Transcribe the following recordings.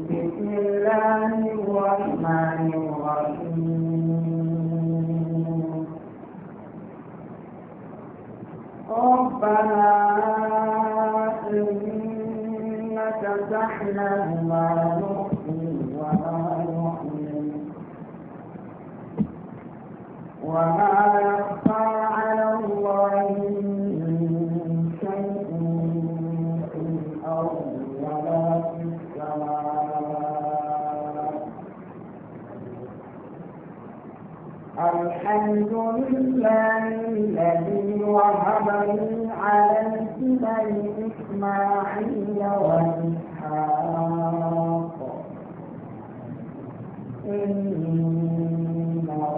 بسم الله الرحمن الرحيم ربنا إنك تعلم ما نخفي وما نعلم وما الحمد لله الذي وهب لي على الكبر إسماعيل وإسحاق إن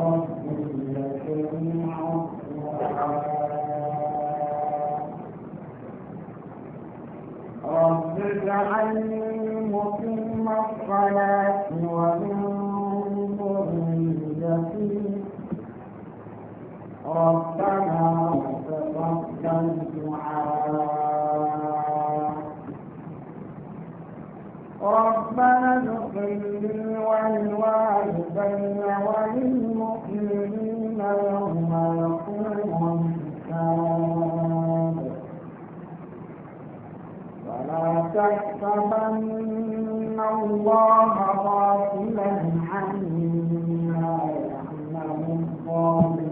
ربي لسميع رب اجعلني مقيم الصلاة ومن ربنا وتقبل دعاء ربنا ادخلني والوالدين وللمؤمنين يوم يقوم الحساب ولا تحسبن الله غافلا عما يعلم الظالمون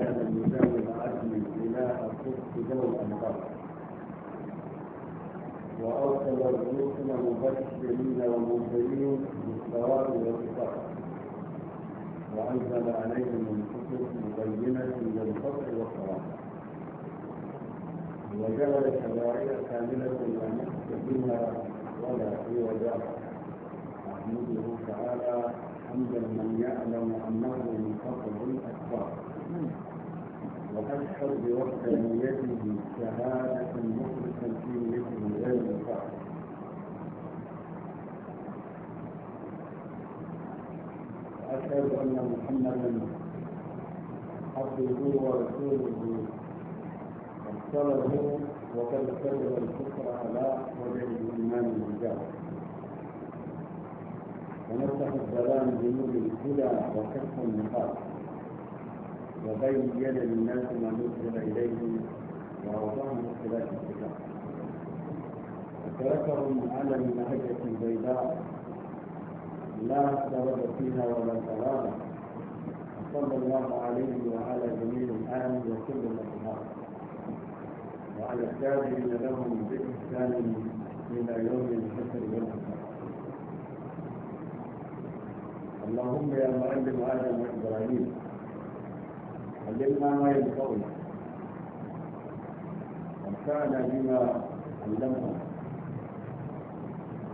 كان مجاور عدل إلى الصدق ذو الأنبار وأرسل الرسل مبشرين ومنذرين بالثواب والفقر وأنزل عليهم الكتب مبينة للفقر والصواب وجعل شرائع كاملة لا نقص بها ولا في وجاهه أحمده تعالى حمدا من يعلم أنه من فضل الأكبر وأشهر بوحدانيته شهادة مخلصا في مثل غير الفقر وأشهد أن محمدا عبده ورسوله ارسله وقد سلم الكفر على وجه الإيمان بالجهل ونفتح الظلام بنور الهدى وكف النقاط وبين يد الناس ما نسب إليهم وأوضاعهم اختلاف الكتاب وتركهم على المهجة البيضاء لا سبب فيها ولا ضلال صلى الله عليه وعلى جميع الآل وكل الأصحاب وعلى التابعين لهم بإحسان إلى يوم الحشر والحساب اللهم يا معلم آدم وإبراهيم علمنا ما ينفعنا وانفعنا بما علمنا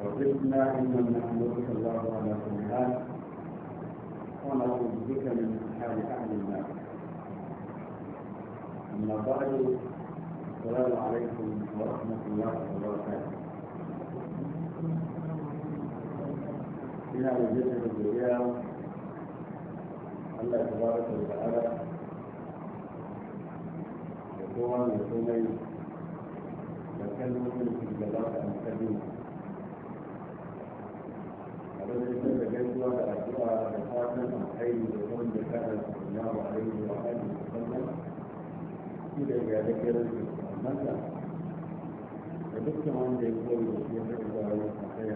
وزدنا علما نحمدك الله على كل حال ونعوذ بك من حال اهل النار اما بعد السلام عليكم ورحمه الله وبركاته في da jirgin الله تبارك وتعالى kowa mai komai da kalmomin da za ka amfani a wajen da gaisuwa da addu'a da fatan alkhairi da kuma da kanar sallallahu alaihi wa alihi wa sallam shi da ya da kiran su mata da dukkan wanda ya koyi da shi ya taɓa zuwa yau a kai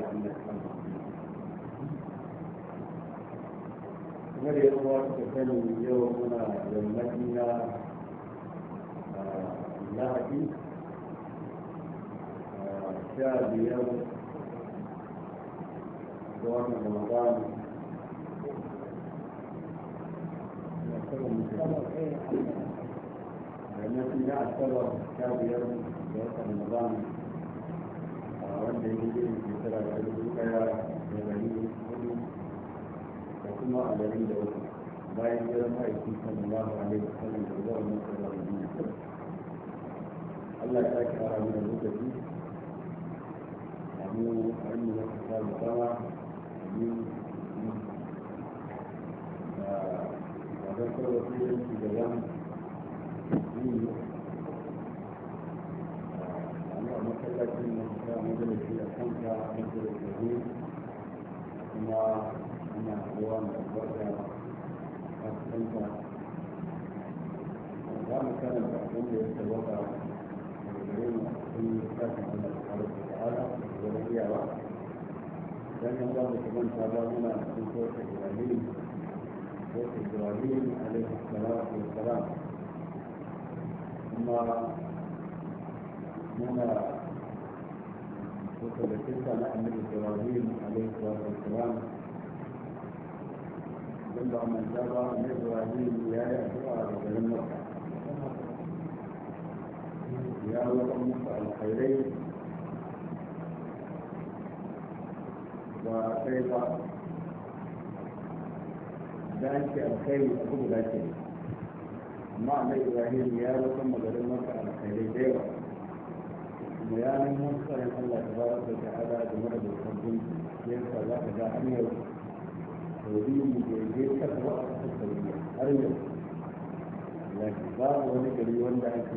a Allah kan kuma da yawa suka sani yau muna da na lahadi sha biyar ga wannan ramadan التي لا تعتبر كافيا بوقت رمضان wanda ya yi da tara da ɗari ɗaya da ɗari hudu da kuma a ɗari da uku bayan jiran ma'aikin sallallahu alaihi wasallam da zuwa masu da Allah ya sake fara mu da lokaci amin amin da ta samu sama amin da da da kawai wasu yanki da yan yi amma a masallacin nan ta majalisi a kanta majalisi ne kuma ana kowa mai albarka a kanta za mu karanta abin da ya tabbata المسلمين في كتاب الله سبحانه وتعالى ولدي وقت لأن الله كمان تعلمنا في سورة إبراهيم سورة إبراهيم عليه الصلاة والسلام ثم هنا وصل تلك لأمر إبراهيم عليه الصلاة والسلام لما من جرى من إبراهيم لا يأتي على الجنة يا الله أمك على خيرين وكيف ذلك الخير يكون ذلك معنى إبراهيم يا الله أمك على خيري خيرين ديوة بيان مصر الله تبارك وتعالى بمرض الخزن كيف ذاك ذا أمير ودين مجيزين تقوى أكثر أرجو لكن باب ونقل يولد أكثر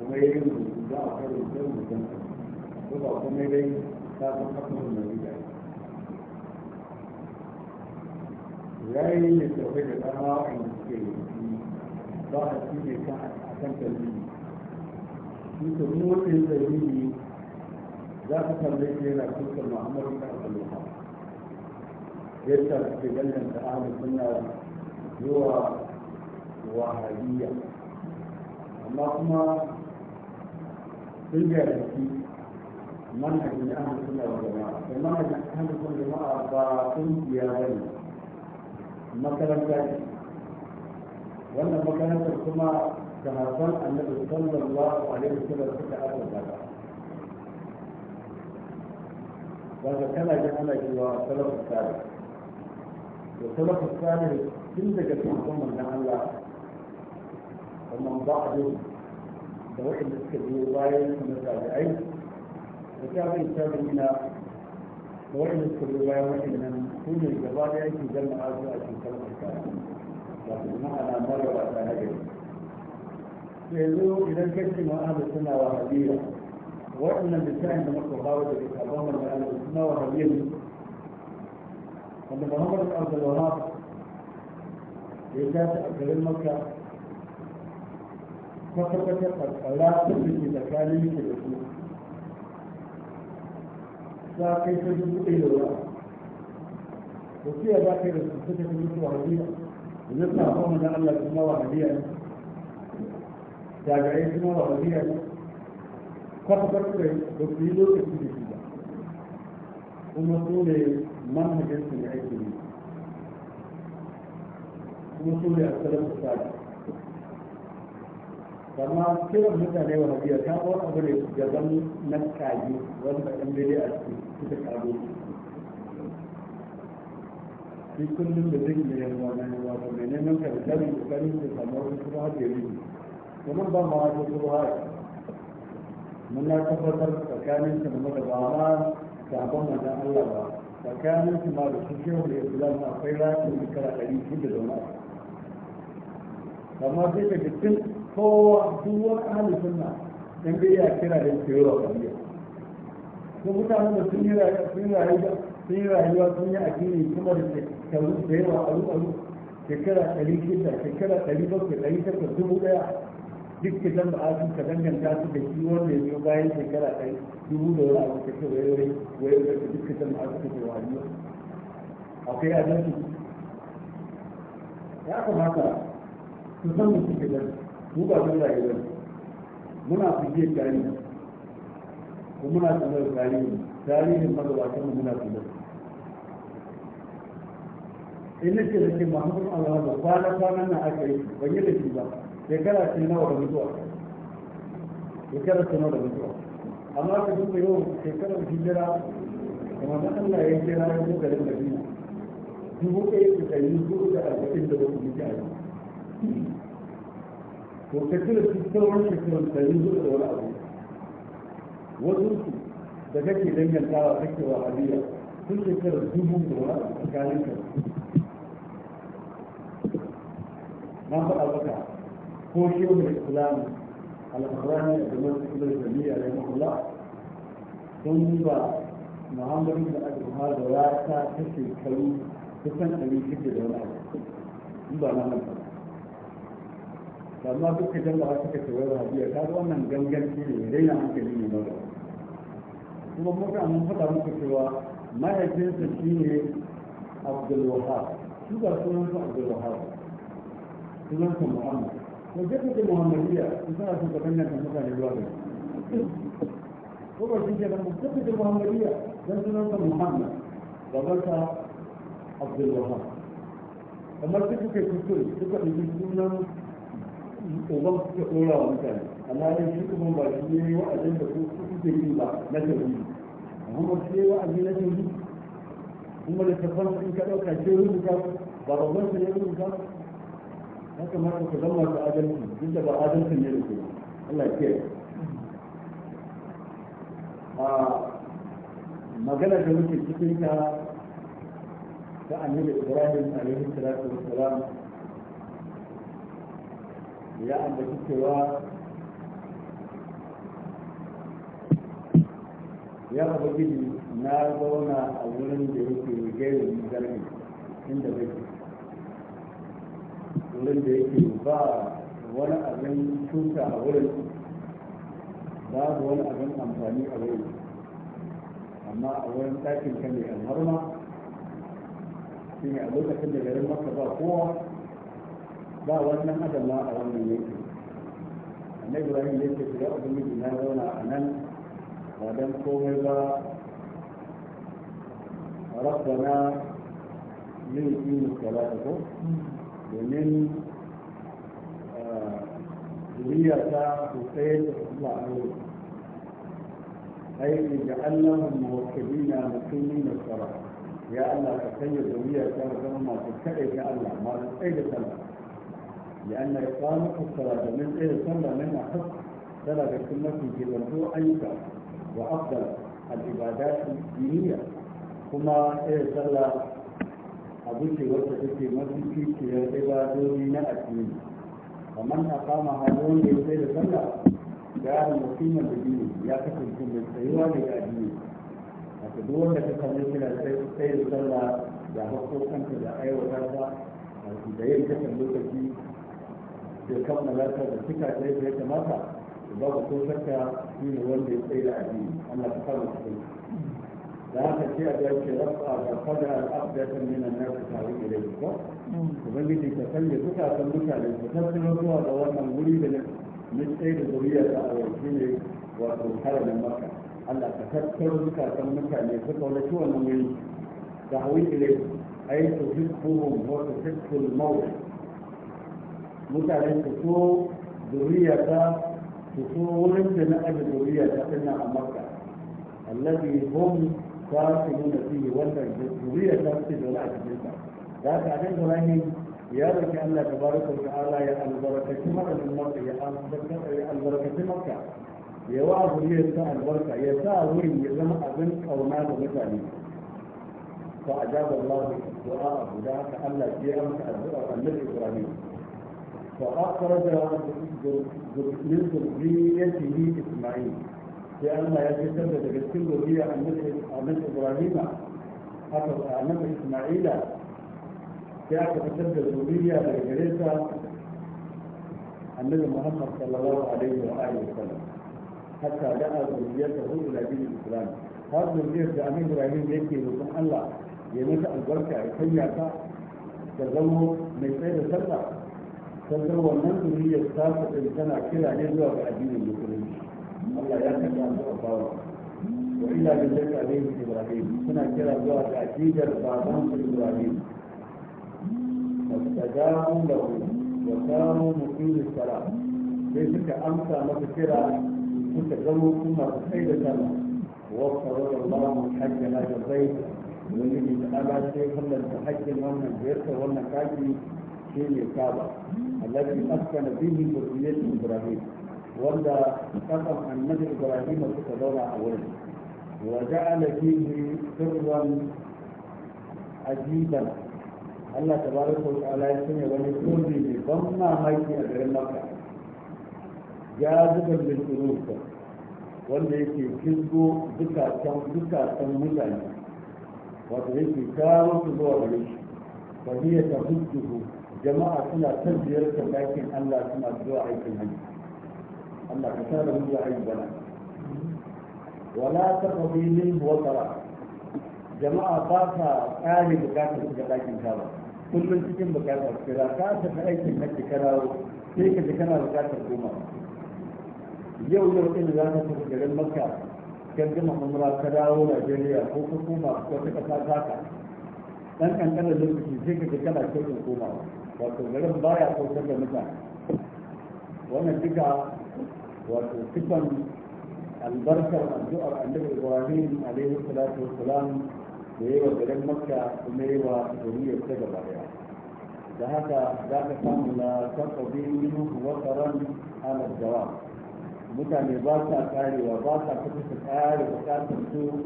kuma ya yi rubutu za a karo da rubutun ko ba kuma dai ta san hakan da riga ya yi tafai da dama a suke rubutu ba a shi ne kan tarbiyyi shi ta motsin tarbiyyi za ka tambaye shi yana kusa muhammadu ta abubuwa yadda suke ganin da ahalin suna zuwa wahabiyya amma kuma بالجاء في منهج من أهل السنة والجماعة المنهج من أهل السنة والجماعة باطل يا بني مثلا ذلك وأن مكانة السماء كما قال النبي صلى الله عليه وسلم في هذا الباب وهذا كما جاء لك وسلف الثالث والسلف الثالث تندك في الأمة من الله ومن بعده da waɗanda suka biyo bayan su na tabi'ai da tabi'in tabi'ina da waɗanda suka biyo bayan waɗannan su ne gaba da yake zama azu a cikin kalmar ta wato ma'ana marawa ta nagari yanzu idan kashi ma'ana suna wahabiyya waɗannan littafin da muka kawo daga sabon ma'ana suna wahabiyya ne wanda muhammadu abdul wahab ya tashi a garin makka kwata-kwata karkara ta ke tsakanin yake da su za kai ta dubu ɗaya da wasiya za ka yi da su suka ta mutu wahabiya da zai sa kuma na Allah kuma wahabiya ne jagarai kuma wahabiya ne kwata-kwata da su yi lokaci da shi ba kuma su ne manhajinsu ne ake yi kuma su ne a salon da amma kiran mutane wa hajiya ta wani abu ne gaban na kaji wanda ɗan bere a cikin suka kago shi kullum da zai yi yawa na yawa to mai neman karkari kokarin da samu wani kuma hajiyar yi kuma ba ma wata kuma haka muna tabbatar tsakanin su da ba ma sabon manzan Allah ba tsakanin su ma da su shehu da islam akwai rashin shekara ɗari shida da wani abu amma sai ka fitin kowa duk wani ahalin sunna in dai ya kira da tsoro kariya ko mutanen da sun yi rayuwa sun yi rayuwa sun yi addini kuma da shekaru da yawa a ruwa shekara ɗari shida shekara ɗari bakwai ɗari takwas dubu ɗaya duk kitan da asu ka danganta su da shi wanda ya biyo bayan shekara ɗari dubu da wani abu ka ce wai wai wai wai ke kitan da asu ka ce wani akwai adalci ya kamata su san da suke gani mu ba mu rayu ba muna fiye tarihi ko muna tsanar tarihi tarihin magabatan mu muna tsanar in nake da ke mahaifin Allah da kwana kwana na aka yi ban yi da shi ba shekara ce nawa da mutuwa shekara ce nawa da mutuwa amma ka duka yau shekarar hijira kuma na Allah ya kira ya zo garin Madina dubu ɗaya da ɗari dubu da arba'in da wasu mutane وكثير في الثورة في التاريخ ولا أبو وزنت دكتي لن يلقى فكرة وعليا كل كثير الدمون ولا أبو ما بقى بقى هو شيء من الإسلام على القرآن الجمال كل الجميع رحمه الله ثم محمد بن أبي هذا واسع تشي الكريم تسن أبي كده ولا أبو ba na amma duk da jama'a suka ce wai rabiya ta ga wannan ganganci ne na hankali ne ba kuma muka mun faɗa muku cewa mahaifinsa shine Abdul Wahab shi ba sunansa Abdul Wahab sunansa Muhammad ko jaka da Muhammadiyya su suna son kaɗan nan kan mutane zuwa da ko ba shi ke nan mu jaka da Muhammadiyya dan sunansa Muhammad babansa Abdul Wahab kamar duk suka kuskure suka ɗauki sunan uban suka tsora wa mutane alhalin shi kuma ba shi ne yi wa'azin da su su kuke yi ba na tauhidi shi ne wa'azin na tauhidi kuma da tafan in ka ɗauka ce rubuta ba babban su ne rubuta ya kamata ka zama su adalci duk da ba adalci ne da ke Allah ya kiyaye a magana da muke cikin ta ta annabi Ibrahim alaihi salatu wassalam ya ambaci cewa ya rabu gidi na zauna a wurin da yake gairin zargi inda zai wurin da yake ba wani abin tuta a wurin babu wani abin amfani a wurin amma a wurin ɗakin kan da alharma shi ne a lokacin da garin maka ba kowa ba wannan adalla a wannan yanki annabi ibrahim ya ce ya ubangiji na zauna a nan ba dan komai ba rabbana min yin salata ko domin zuriyarta sosai da Allah a yau ai da Allah muwakkilina mutumin da ya Allah ka sanya zuriyarta da zama masu kaɗai ga Allah masu tsaye da sallah لأن إقامة الصلاة من إيه صلى منها حق سلب السنة في الوضوء أيضا وأفضل العبادات الدينية كما إيه صلى أبوك وتتكي مسجد في العبادون الدين ومن أقام هذون يصير صلى كان مقيما بدينه يا كفر كل السيوان الأدين أتدور لك كمثل سير صلى da hakokanka da aiwatar da da yin kasar lokaci bai kammala ta da suka ɗaya da ya kamata ba ku ko shakka shi ne wanda ya tsaye da addini Allah ta kama su da haka ce a biya ce rafa da fada al'abdata min an-nas tawi ilayhi ko ubangiji ka sanya zukatan mutane su tattaro zuwa ga wannan wuri da na tsaye da zuriya ta a yau shine wato na maka Allah ka tattaro zukatan mutane su kaunaci wannan wuri da hawi ilayhi ay tuhibbuhum wata tuhibbu al-mawt mutane su so zuriyata su so wurin da na aji zuriyata din nan a makka allazi hum kafirun fihi wanda zuriyata su da wani a cikin sa da ka nan ibrahim ya roki Allah tabaraka wa ta'ala ya albarkaci madadin makka ya albarkaci makka ya wa zuriyarsa albarka ya sa wurin ya zama abin kauna da mutane فأجاب الله دعاءه ذاك ألا في أمس الدعاء النبي إبراهيم فأخرج ذريته إسماعيل لأن أن بكل ذرية عن إبراهيم عن إسماعيل يعرف تسبب ذرية لجريسة النبي محمد صلى الله عليه وآله وسلم حتى دعا ذريته إلى دين الإسلام هذا ذرية عن إبراهيم يكي الله أن البركة يكيّك تزوج من سيد السلطة kaga wannan zuriyar ta kuɗin tana kira ne zuwa ga addinin musulunci Allah ya kaɗa zuwa bawa wa ila bin zaka alaihi ibrahim suna kira zuwa ga addinin baban su ibrahim fastajabu lahu wa kanu muqimi salat sai suka amsa masa kira suka zama kuma su kai da sallah wa farada Allahu hajja hada bayt wani ne da Allah sai kallon hajjin wannan ziyarta wannan kaki shi ne kaba الذي أسكن فيه ذرية إبراهيم ولا قسم النبي إبراهيم في تدور أولا وجعل فيه سرا عجيبا الله تبارك وتعالى يسمى ولكل ذي ضمن ميت أجر مكة جاذبا للقلوب wanda yake kirgo dukkan mutane wato yake kawo su zuwa gare shi jama'a suna ta ziyartar dakin Allah suna zuwa aikin hajji Allah ka tara mu zuwa aikin bana wala taqdi min wasara jama'a ba ta kare bukatar su ga dakin kaba kullum cikin bukatar kira ka ta aikin hajji karawo sai ka ji kana bukatar goma yau yau din za ka tafi garin makka kan gama umra ka dawo Najeriya ko ka koma wata ƙasa ta ka dan kankanin lokaci sai ka ji kana kyautar komawa wato garin baya kautar da mutane wannan duka wato sifan albarkar addu'ar annabi ibrahim alaihi salatu wassalam da yi wa garin makka kuma yi wa ta gaba daya da haka za ka samu na sarƙaɓi minhu wataran ala jawab mutane ba sa karewa ba sa kusa su kare bukatar su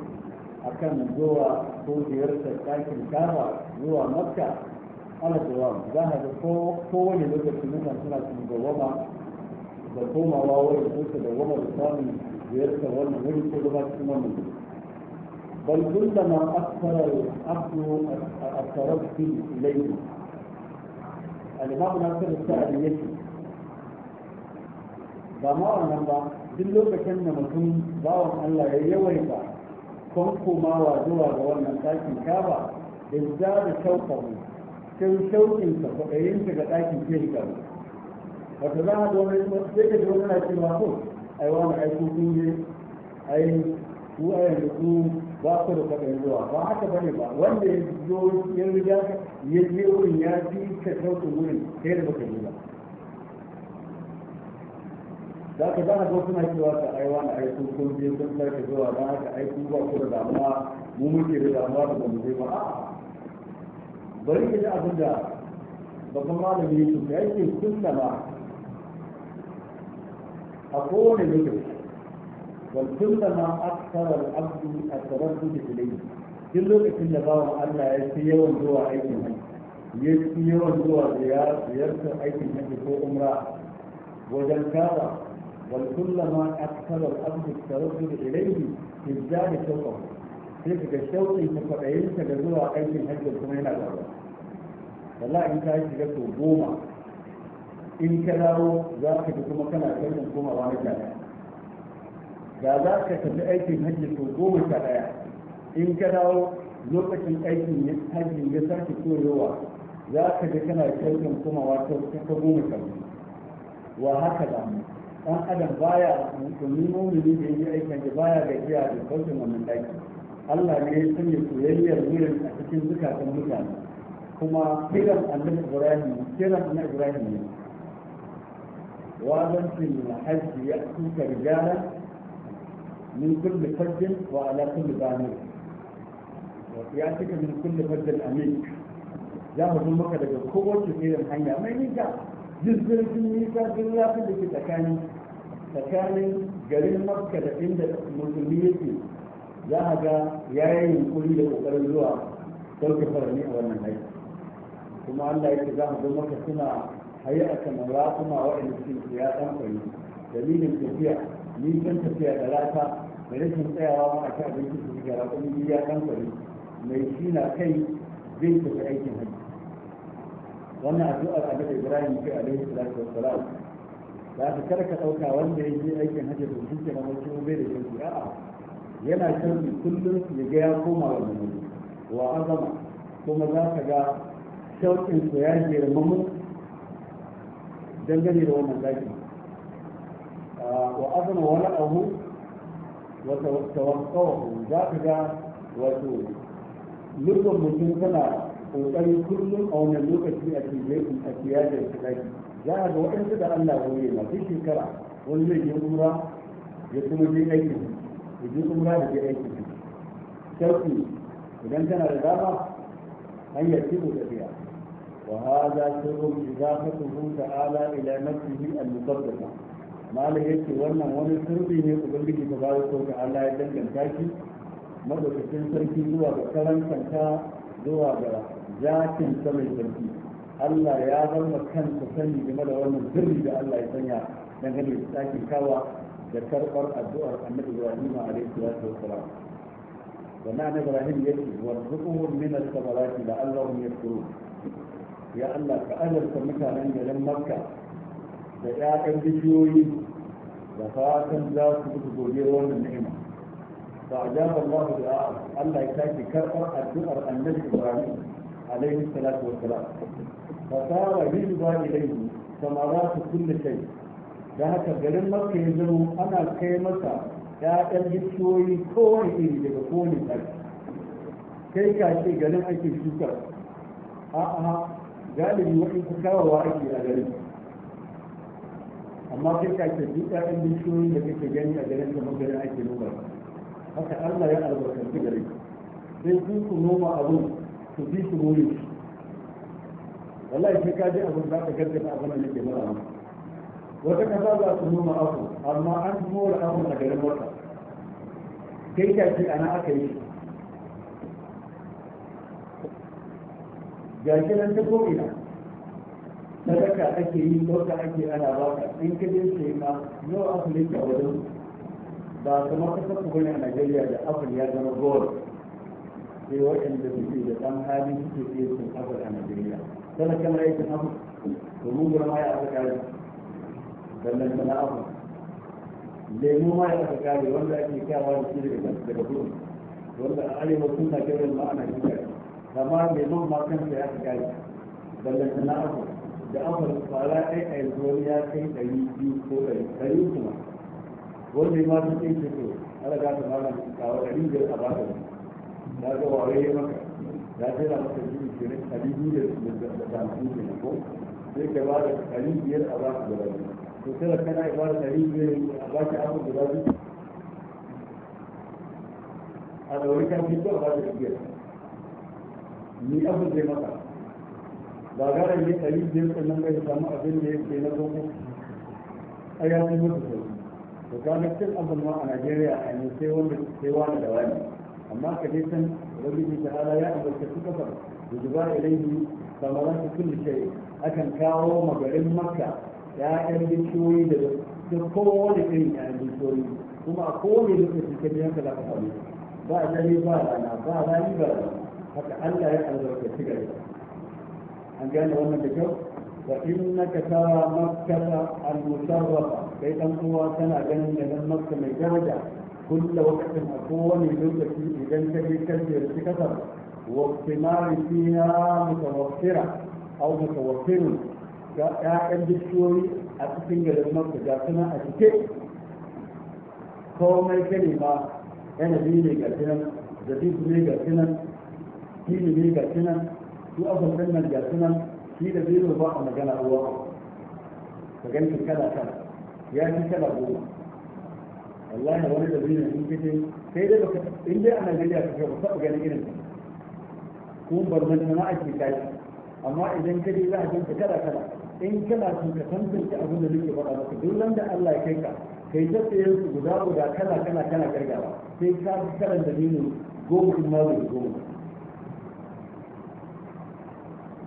akan zuwa ko ziyartar ɗakin kaba zuwa makka ana jawab za a ga kowane lokaci mutane suna cin gawama da komawa wurin kusa da goma da samun ziyartar wannan wuri ko zama cikin wannan wuri bal kullama akthara al-abdu at-tarabbi ilayhi al-imam nasir al-sa'di yake ba ma wannan ba duk lokacin da mutum bawan Allah ya yawaita kon komawa zuwa ga wannan ɗakin kaba da za da shauƙa mu sai shauƙinsa kwaɗayinsa ga ɗakin kirka wata za a gome sai ka ji wani na cewa ko oh, ai wani aiko kun yi ai ku a yanzu ku ba ku da kwaɗayin zuwa ba haka bane ba wanda ya zo ya riga ya je wurin ya fi ka shauƙin wurin sai da baka yi ba za ka za a zo suna cewa ka ai wani aiko kun je kun sarka zuwa ba haka aiko ba ku da damuwa mu muke da damuwa da ba mu ba a'a bari ka ji abin da babban malami ya tuka yake kunna ba a kowane lokaci wal kunna ma aksara al-abdu at-taraddu bi ilayhi duk lokacin da bawan Allah ya fi yawan zuwa aikin hajji ya fi yawan zuwa ziyartar aikin hajji ko umra wajen kaba wal kullama aksara al-abdu at-taraddu bi ilayhi izada shawqahu sai ka ga shauƙin ka kwaɗayin ka da zuwa aikin hajji kuma yana da wala in ka shiga sau goma in ka dawo za ka ji kuma kana shirin komawa na jami'a da za ka tafi aikin hajji sau goma sha ɗaya in ka dawo lokacin aikin hajji ya sake koyowa za ka ji kana shirin komawa ta ta goma sha biyu wa haka da ɗan adam baya musulmi mumini da yi aikin da baya gajiya da kautin wannan ɗaki Allah ne ya sanya soyayyar wurin a cikin zukatan mutane kuma kiran annabi Ibrahim kiran annabi Ibrahim ne wazancin hajji ya tuka rijala min kulli fajjin wa ala kulli banir ya cika min kulli fajjin amin za mu zama maka daga kowace irin hanya mai nisa jirgin nisa sun lafi da ke tsakanin tsakanin garin makka da inda musulmi yake za a ga ya yi yunkuri da ƙoƙarin zuwa sauke farani a wannan haiti kuma Allah ya ce za mu zama ka suna hayi a kamara kuma waɗanda suke ya ɗan kwari dalilin tafiya kan tafiya da rata da rashin tsayawa ma a ci abinci su shiga raƙon ya ɗan kwari mai shi na kai zai tafi aikin haiti wannan addu'ar abin da Ibrahim ke alaihi salatu wassalam da aka karka ɗauka wanda ya je aikin hajji da shi ke na bai da shi a'a yana canji kullum ya ga ya koma wa namiji wa azama kuma za ka ga shauƙin su ya girma mu dangane da wannan zaki wa azama wani abu wata tawakkawa za ka ga wato lukkan mutum tana kokari kullum a wannan lokaci a cikin a tiyatar su zaki za a ga waɗansu da Allah ya wuri masu shekara wani zai yi kura ya kuma je aikin da ji umra da je aiki shauki idan kana da dama hanyar kibu tafiya وهذا سر إضافته تعالى إلى نفسه المقدسة ما له يكي wannan wani سربي ne ubangiji ta bayo ko ta Allah ya danganta shi madaukakin sarki zuwa ga karantanta zuwa ga zakin mai sarki Allah ya zama kansa sani game da wannan sirri da Allah ya sanya dangane da tsakin kawa ذكر الدؤر أن إبراهيم عليه الصلاة والسلام ومعنى إبراهيم يجي وارزقهم من الثمرات لعلهم يذكرون يا الله فأجل سمك من جلم مكة بإعاقة بشيوي وفاقا ذات تقولون النعمة فأجاب الله دعاء الله يتاكي كرر الدؤر أن إبراهيم عليه الصلاة والسلام فصار يجبى إليه ثمرات كل شيء da haka garin maka ya zama ana kai masa ya'yan bishiyoyi kowane iri daga kowane ɗari. kai ka ce garin ake shukar a'a galibi waɗansu kawawa ake a garin amma kai ka ce duk ya'yan bishiyoyi da kake gani a garin da garin ake noma haka allah ya albarkanci garin sai sun ku noma abin su fi su wuri wallahi sai ka je abin za ka gargata abin da ke mara maka wata kasa za su noma abu amma an mora abu a garin wata kai ta ce ana aka yi gashi nan ta ko'ina sadaka ake yi wata ake ana baka in ka je sai ma yau afirka wajen ba kamar kasar ku bane a najeriya da afirka ya zama gowar sai waɗanda suke da ɗan hali suke iya sun afirka a najeriya sadaka na aikin afirka domin gurma ya afirka sannan sana abu lemu ma ya aka kare wanda ake kyawa da shi daga daga gudu wanda a arewa sun kyau ma ana yi kare amma lemun ma kansa ya aka kare sannan abu da abu fara ɗaya a yanzu wani ya kai ɗari biyu ko ɗari ɗari kuma wanda ma sun ɗin shi to ala ga ta mana kawo ɗari biyar a baka ne ya ga maka ya jini ɗari da hamsin kenan ko sai ka ba da ɗari biyar a baka da ɗari to sai da kana ba da yi ne a ba ki abu guda biyu a da wani karfi ko a ba da biyar ni abu zai maka ba gara ne ɗari biyar sannan bai samu abin da yake na koko a ya fi mutu sau to kaga cin abin ma a najeriya a ne sai wanda sai wani da wani amma ka je can ubangiji ta ala ya ambace su kasar da zuba ilaihi samaran su kulli shay akan kawo magarin makka ya'yan bishiyoyi da da kowane irin ya'yan bishiyoyi kuma a kowane lokaci ka biyan ka za ka samu ba dare ba rana ba rani ba rana haka Allah ya albarkaci gare ka an gane wannan da kyau wa innaka tara makkata al-musharrafa kai dan uwa kana ganin da nan makka mai daraja kulla wakatin a kowane lokaci idan ka je kan ziyarci kasar wa istimari fiha mutawaffira aw mutawaffirun ga ƴaƴan bishiyoyi a cikin garin Makka ga suna a cike komai gani ma yana biyu ne ga sunan zabibu ne ga sunan fili ne ga sunan su abubuwan nan ga sunan shi da biyu ba a magana ruwa ka gani kala kala ya fi kala goma wallahi wani da biyu ne in kace sai dai baka in dai a Najeriya kake ba ka gani irin ko barnan na ake kai amma idan kaje za a ganta kala kala in kana so ka tantance abin da nake faɗa maka duk wanda Allah ya kai ka kai ta tsaye su guda guda kana kana kana gargawa sai ka da dinin goma in ma zai goma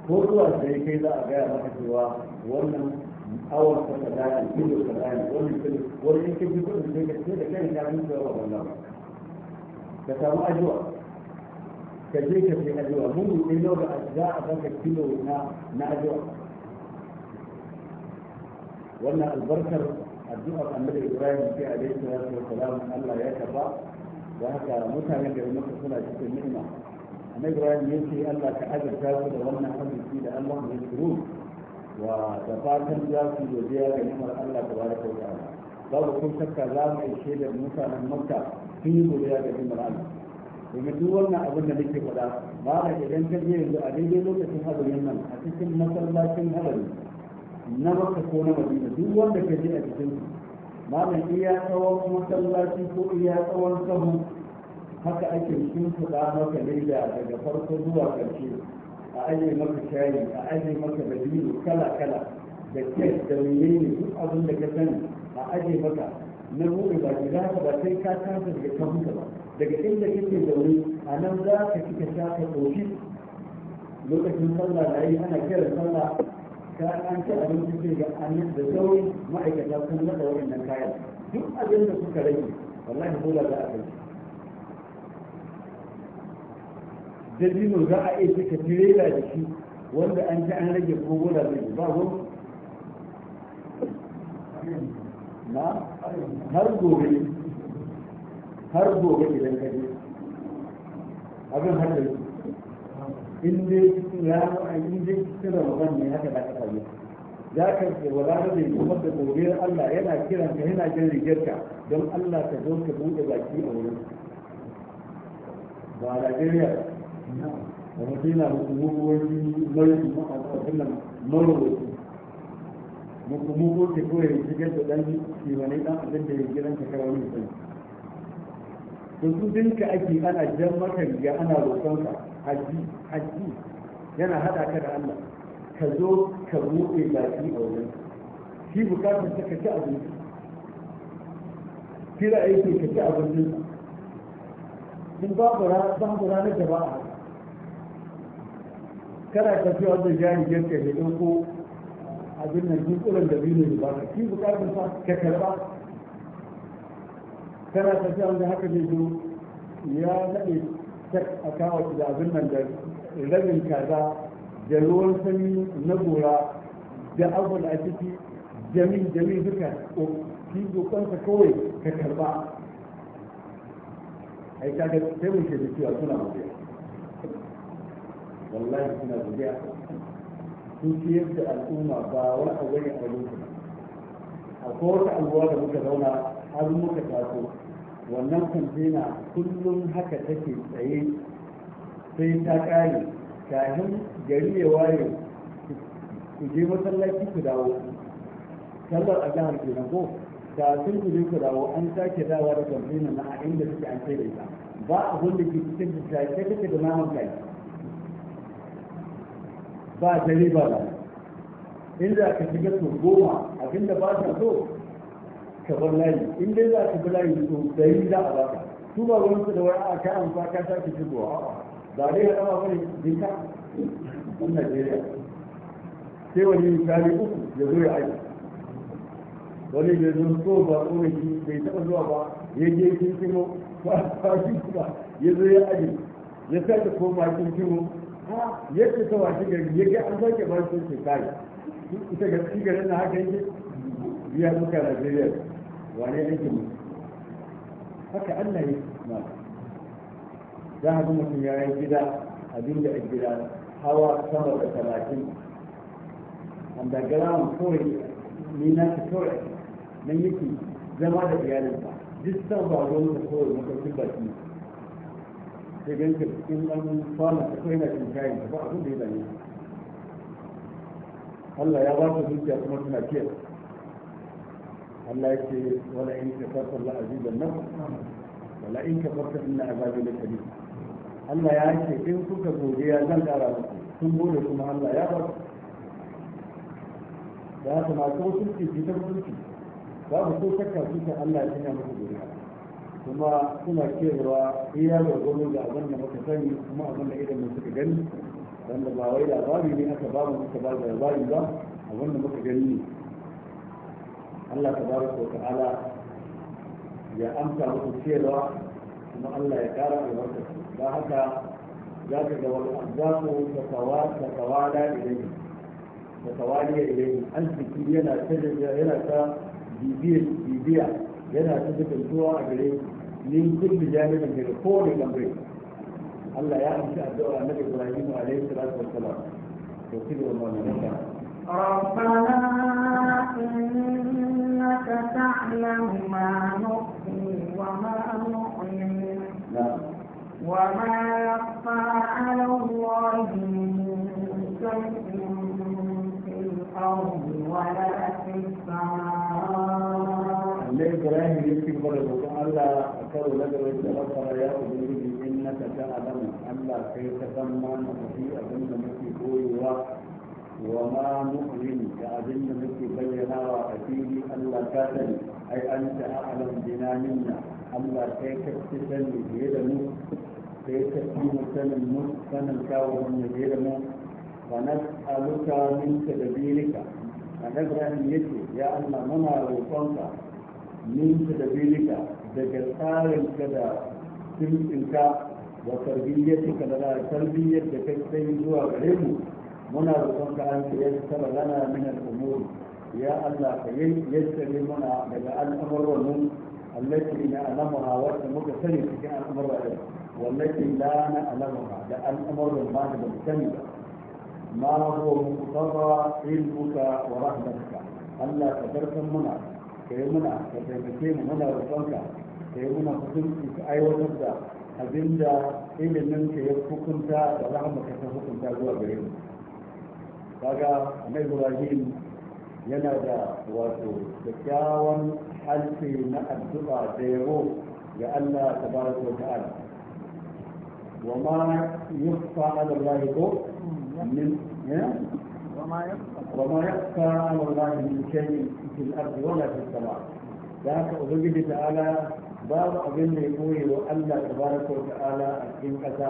ko zuwa sai kai za a gaya maka cewa wannan awon ka kaza ne kilo kaza ne wani kilo wani yake bi kudin sai ka ce da kai ka mutu yawa wannan ka samu ajiwa ka je ka sai ajiwa mun yi kilo da za a baka kilo na na ajiwa wannan albarkar addu'ar annabi ibrahim sai alaihi salatu wa salam Allah ya karba da haka mutanen da maka suna cikin ni'ima annabi ibrahim ya ce Allah ka azurta su da wannan arziki da Allah ya shiru wa da fatan za su godiya ga ni'imar Allah ta tabaraka wa ta'ala babu kun shakka za mu ishe da mutanen makka sun yi godiya ga ni'imar Allah domin duk wannan abin da nake faɗa ba da idan ka je yanzu a daidai lokacin hadarin nan a cikin masallacin hadari na baka ko na madina duk wanda ka je a cikin su malam iya tsawon masallaci ko iya tsawon sahu haka ake da maka leda daga farko zuwa ƙarshe a aje maka shayi a aje maka dabino kala kala da kek da menene duk abin da ka sani a aje maka na buɗe baki za ka ba sai ka kasa daga kanka ba daga inda kake zaune a nan za ka kika sha ka ɗauki lokacin sallah na yi ana kiran sallah ka an ci abinci sai ga an da sauri ma'aikata sun nada waɗannan kayan duk abin da suka rage wallahi dole za a kai dabino za a iya cika tirela da shi wanda an ci an rage ko gola zai ba wani na har gobe har gobe idan ka je abin har da in dai ya in dai cikin ramadan ne haka za ka faru za ka ce wa ranar da kuma da godiyar Allah yana kiran ka yana jin rigarka don Allah ka zo ka buɗe baki a wurin ba a Najeriya da mutum yana muku muguwanci a ma'aikatan nan marowaki muku mugu ke kawai shigar da ɗan kimanin ɗan abin da ya gidan ka kawo ne sai to su dinka ake ana jan maka riga ana roƙonka haji haji yana hada ka da Allah ka zo ka buɗe baki a wurin shi bukatar ka ci abinci kira yake ka ci abincin in babu ranar da ba a kana tafiya wajen jari jirka mai ko abin nan jinkulan da biyu ne ba ka shi bukatar sa ka karba kana tafiya wajen haka zai zo ya daɗe tak a kawo da abin nan da rabin kaza da ruwan sanyi na gora da abin a ciki jami jami duka ki kansa kawai ka karba ai ka ga sai mun ke da cewa suna mutuwa wallahi suna mutuwa sun ciyar da al'umma ba wani abu ne a lokacin akwai wata alwuwa da muka zauna har muka taso wannan kwantena kullum haka take tsaye sai ta kare kafin gari ya waye ku je masallaci ku dawo sallar a jihar kenan ko kafin ku je ku dawo an sake dawa da kwantena na a inda suke an sai da ita ba a da ke cikin da ta take da naman kai ba dare ba ba inda aka shiga to goma abinda ba ta so ka bar layi in dai za ka bi layi to dari za a baka su ba wani su da wani a ka amsa ka sake shigowa ba dai ya dama bane dinka in Najeriya sai wani misali uku ya zo ya aiki wani bai zo so ba kuma shi bai taɓa zuwa ba ya je kinkimo ba ba shi ba ya zo ya aji ya sake koma kinkimo ya ce ta washe gari ya ga an sake ba shi sai kai ita ga cigarin na haka yake biya duka Najeriya ولا عندهم فكأنه ما ذهب من يعني كذا أدين الجلال هوا سمر ثلاثين عند جرام فوري من الفوع من يكي زمان الجلال جست بعضهم فوري متكبتين تبين كم أن فان تكوين الجاين بعضهم يبين الله يبارك فيك يا سمرتنا كيف قال لك ولئن كفرت لأزيد النفس ولئن كفرت إن عذابي لشديد قال يا عيسي إن كنت تقولي يا زن قال لك ثم قول لكم قال يا رب لا تما توصلتي في تبصلتي فأبو توصلتك فيك قال لك إن كنت تقولي ثم كنا كبرا هي وقولوا أظن مكتبين ثم أظن إذا من سكجن لأن الله وإلى غالي لأن كبابا كبابا غالي أظن مكتبين Allah ta bari ko ta'ala ya amsa musu cewa kuma Allah ya kara albarka su don haka za ka ga wani azamu ta da ilayhi da tawaliya ilayhi arziki yana ta yana ta bibiya yana ta zuwa a gare min da janibin da kowane lambayi Allah ya amsa addu'a na Ibrahim alaihi salatu wassalam to kidi wannan ne ربنا إنك تعلم ما نخفي وما نعلن نعم. وما يخفى على الله من شيء في الأرض ولا في السماء. ليه إبراهيم يكتب برضه الله أكره لك ويتغفر يا أبي إنك تعلم ألا كيف تسمى في أبن مكي وما مؤمن كأذن مثل بينا وأتيه ألا كاتني أي أنت أعلم بنا منا ألا كيكت تسني بيدمو كيكت تسني مسكن الكاوهم بيدمو ونسألك من تدبيرك أن يتي يا الله منا روطنك من تدبيرك دجتارك كذا تمسك وتربيتك لنا تربيتك كيكت تسني زوا غريبو منا رسول أن يذكر لنا من الأمور يا الله كي يذكر منا من أمر من التي لا نعلمها وسمك سني في كان أمر والتي لا نعلمها لأن أمر ما بالسني ما هو مقتضى علمك ورحمتك ألا تترك منا كي منا كي منا رسول كي منا كتب أي وجبة أبدا إلى منك يفكك أنت ورحمك تفكك أنت جوا بريمك kaga na ibrahim yana da wato kyakkyawan halce na addu'a da yabo ga allah tabaraka wa ta'ala وما يخفى على الله من وما يخفى على الله من شيء في الارض ولا في السماء ذاك ubangiji ta'ala babu abin da ya koyi wa Allah tabaraka wa ta'ala a cikin kasa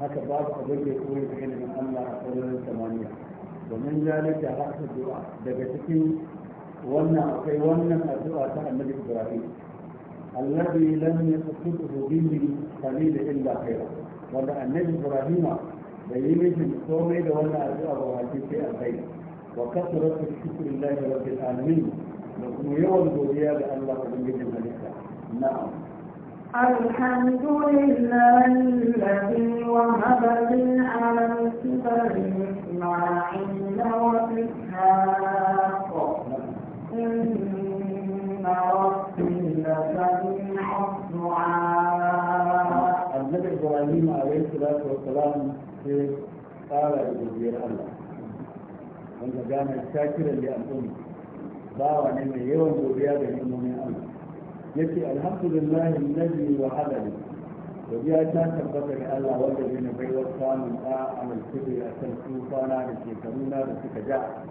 haka babu abin da ya koyi ga ilimin Allah a sararin samaniya domin zalika aka du'a daga cikin wannan akwai wannan addu'a ta annabi ibrahim alladhi lam yaqtuhu bihi qalil illa khaira wanda annabi ibrahim da yi mishin komai da wannan addu'a ba wace sai alkhairi wa kasratu shukrillahi rabbil alamin da kuma yawan godiya ga Allah ubangijin halitta na'am الحمد لله الذي وهب لي على الكبر إسماعيل وإسحاق إن ربي لسميع الدعاء النبي إبراهيم عليه الصلاة والسلام قال لجزير الله wanda gane شاكرا da al'umma bawa ne mai yawan من da يقول الحمد لله الذي وحدني وجاء تثبت الله والذي نبي وصام عمل كبير أسل سلطانا لكي كرونا لكي كجاء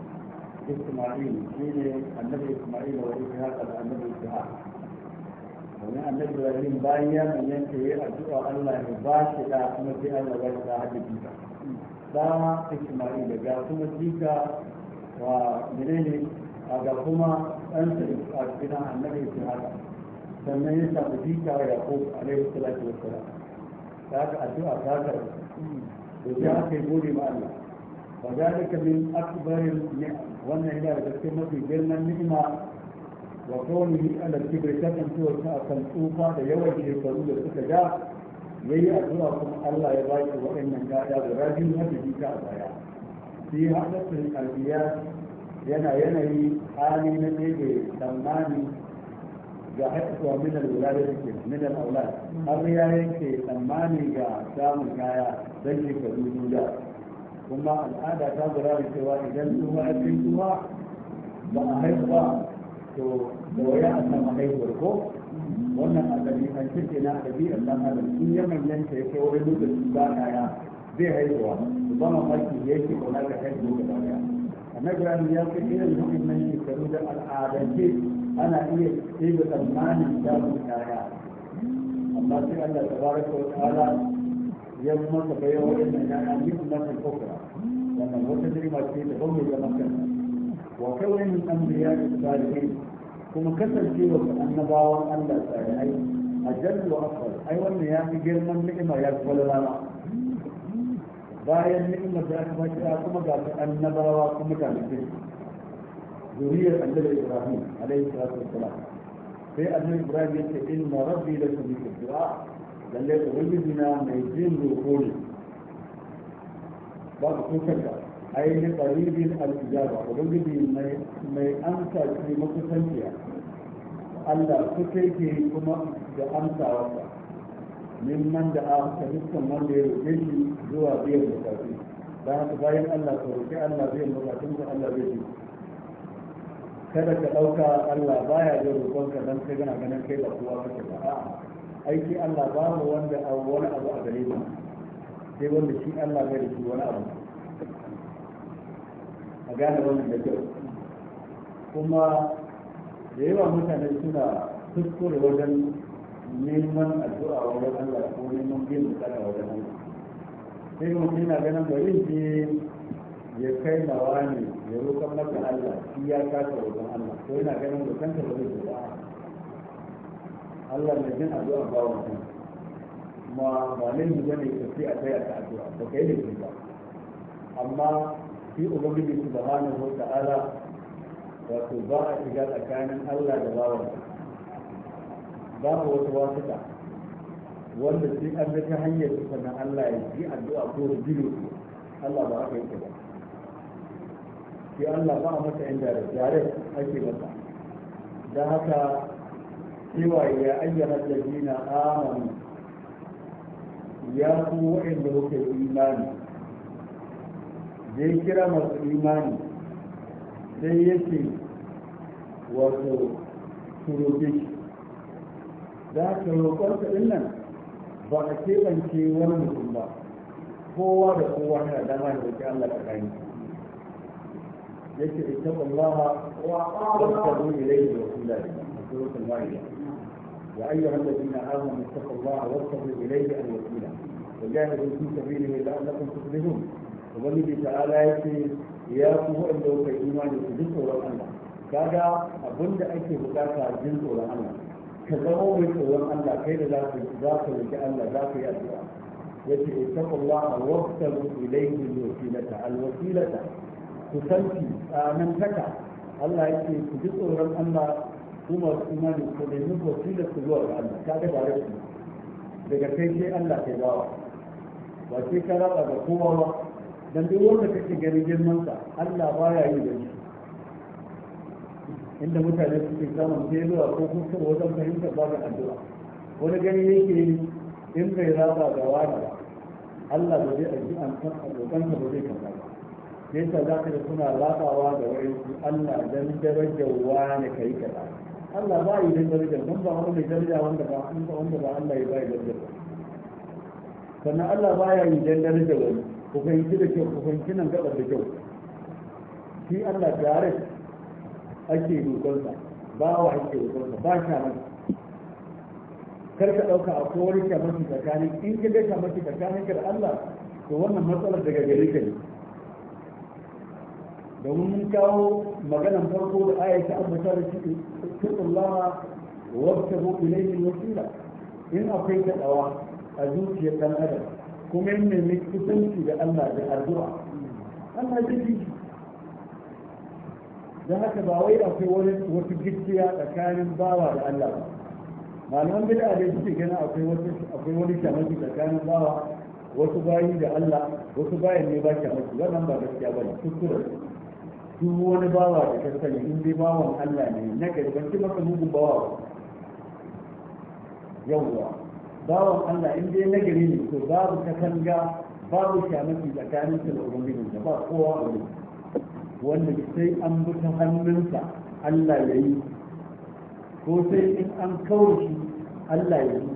إسماعيل شيني النبي إسماعيل وإسحاق النبي إسحاق ومن النبي إبراهيم بايا من ينتهي الدعاء الله مباشرة ثم في الله ولد أحد جيكا دا إسماعيل جاء أنا جيكا ومنين أجل هما أنت إسحاق بنا النبي إسحاق sannan ya samu jika ya ko alaihi salatu wassalam ta haka addu'a ta haka to ya aka yi gode Ba Allah wa ka min akbarin ne wannan yana da gaske mafi girman ni'ima wa kawai ala kibri ta kan tuwa ta kan tsufa da yawan shekaru da suka ja? yi yayi addu'a kuma Allah ya ba shi waɗannan gada da biyu na jika a baya sai hadasul qalbiya yana yanayi hali na da tsammani ga haifasuwa min al-wulada take min al har ya yanke tsammani ga samun kaya dan shekaru duda kuma al'ada ta gura da cewa idan sun wa'afin kuma ba a haihu ba to da waya a sama haihuwar ko wannan a ɗabi'ance ke na ɗabi'ar ɗan adam in ya manyanta ya kai wani lokaci ba kaya zai haihuwa ba mamaki ya ke kula da haihuwa gaba ɗaya annabi ya kai irin hukumin shekaru da al'adance ana iya da tsammanin samun kaya amma sai Allah ta baraka wa ta'ala ya kuma ta masa bayan wa'annan ya an yi masa kokura wannan wata jirma ce da ban mai zama kanta wa kawai min anbiya salihin kuma kasancewa annabawan Allah salihai ajal wa afdal ai wannan ya fi girman ni'ima ya fi walala bayan ni'imar da aka faɗa kuma ga annabawa kuma ga mutum ذرية النبي إبراهيم عليه الصلاة والسلام في أدنى إبراهيم يقول إن ربي لكم في الدعاء بل يتغلبنا ميزين دخول بعد كتبه أي لقريب الإجابة وغلبنا مي أنسى في مكتبه ألا تكيكي كما بأمسى وقت ممن دعا كبسة من يرجل دعا بيه المكاتب بعد بيان الله تركي الله بيه المكاتب الله بيه المكاتب kada ka ɗauka Allah baya jin roƙonka dan kai gana ganin kai ba kowa kake ba a'a aiki Allah mu wanda wani abu a gare ba sai wanda shi Allah bai da shi wani abu a gane wannan da kyau kuma da yawa mutane suna kuskure wajen neman addu'a wajen Allah ko neman biyan bukata wajen Allah sai mutum yana ganin bari je ya kai na wani ya roƙon maka Allah shi ya kasa roƙon Allah ko yana ganin da kanka ba zai ba Allah mai jin addu'a ba wa kan ma ba ne mu bane ka sai a kai a ta addu'a ba kai ne ba amma shi ubangiji subhanahu wa ta'ala wato ba a shiga tsakanin Allah da bawan ku wata wasuka wanda sai an ga ta hanyar sannan Allah ya ji addu'a ko biyu. Allah ba haka yake ba sai Allah ba masa inda da jare ake masa da haka cewa ya ayyana ladina amanu ya ku wa'anda kuke imani zai kira masu imani sai yake wato turobe da haka roƙonsa ɗin nan ba a keɓance wani mutum ba kowa da kowa na dama da roƙi Allah ta gani حيث اتقوا الله واتقوا اليه وسلاله مسوره الوالده يا ايها الذين امنوا اتقوا الله واتقوا اليه الوسيله وجاهدوا في سبيله لعلكم تفلحون وبلغ تعالى يا قوم ان لو كيما لتجدوا ربنا كذا ابن دا ake bukata jin tsoron Allah ka zama mai tsoron Allah kai da zaka za ka riƙe Allah za ka yi addu'a yace ittaqullaha kusanci taka Allah ya ce ku ji tsoron Allah ku masu imani ku da yi da ku zuwa ga Allah ka ga bare ku daga kai sai Allah ke bawa ba sai ka raba da kowa ba dan duk wanda kake gani girman ka. Allah baya yi da shi inda mutane suke samun zuwa ko kusur wajen fahimtar ba da addu'a wani gani yake in bai raba da wani ba Allah ba zai an kan abokansa ba zai kaza ba yasa za ka da suna rafawa da su Allah dan darajar wani kai kaza Allah ba yi dan darajar don ba wani mai daraja wanda ba wanda ba Allah ya ba yi darajar sannan Allah ba ya yi dan darajar wani ku fahimci da kyau ku fahimci nan gabar da kyau shi Allah tare ake dokonsa ba wa ake dokonsa ba sha mai kar ka ɗauka a kowar shamaki tsakanin in ka ga shamaki tsakanin ka da Allah to wannan matsalar daga gare ka ne domin mun kawo maganan farko da aya ta ambata da shi tukullaha ne ilayhi wasila in akwai kaɗawa a zuciyar ɗan adam kuma in nemi kusanci da Allah da addu'a Allah ya ji da haka ba wai akwai wani wata gicciya tsakanin bawa da Allah ba malaman bid'a da suke gana akwai wata akwai wani shamaki tsakanin bawa wasu bayi da Allah wasu bayan ne ba shamaki wannan ba gaskiya ba ne, kuskure duk wani bawa da ta sani in dai bawan Allah ne na gari ban ci maka mugun bawa ba yawwa bawan Allah in dai na gari ne to babu katanga babu shamaki tsakanin su da ubangiji da ba kowa a wuri wanda sai an bi ta hannunsa Allah ya yi ko sai in an kawo shi Allah ya yi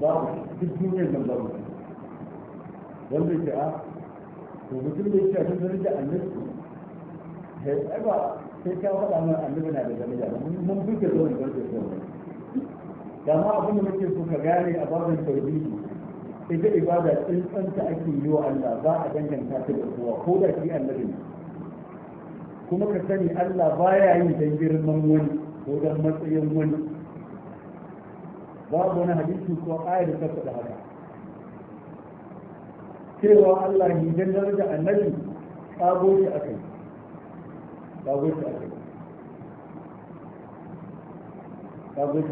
babu duk duniyar nan babu wanda ke a ah, to mutum da ya ce a sun da annabi sai ba sai ka faɗa mana annabi na da game da mun duka zo ne barke so da ma abin da muke so ka gane a babin tauhidi ita ibada tsantsanta ake yi wa Allah ba a danganta ta da kowa ko da shi annabi kuma ka sani Allah baya yin dan girman wani ko dan matsayin wani babu wani hadisi ko ayar da ta faɗa haka cewa Allah ne dan daraja annabi kago shi akai لا بد لا بد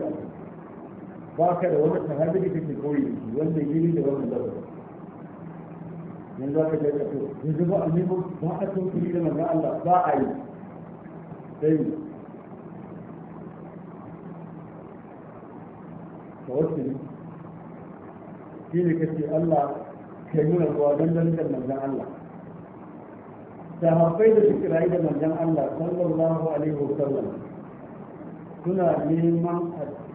باكر وقت ما هذا في الكوي ولا يجري ده ولا ده من ذاك اللي تقول يجب أن يكون ما أكون في من الله باعي طيب توسل في لك الله كيمون الغوابين لك من الله sahabbai da suka rayu da manzan Allah sallallahu alaihi sallam suna neman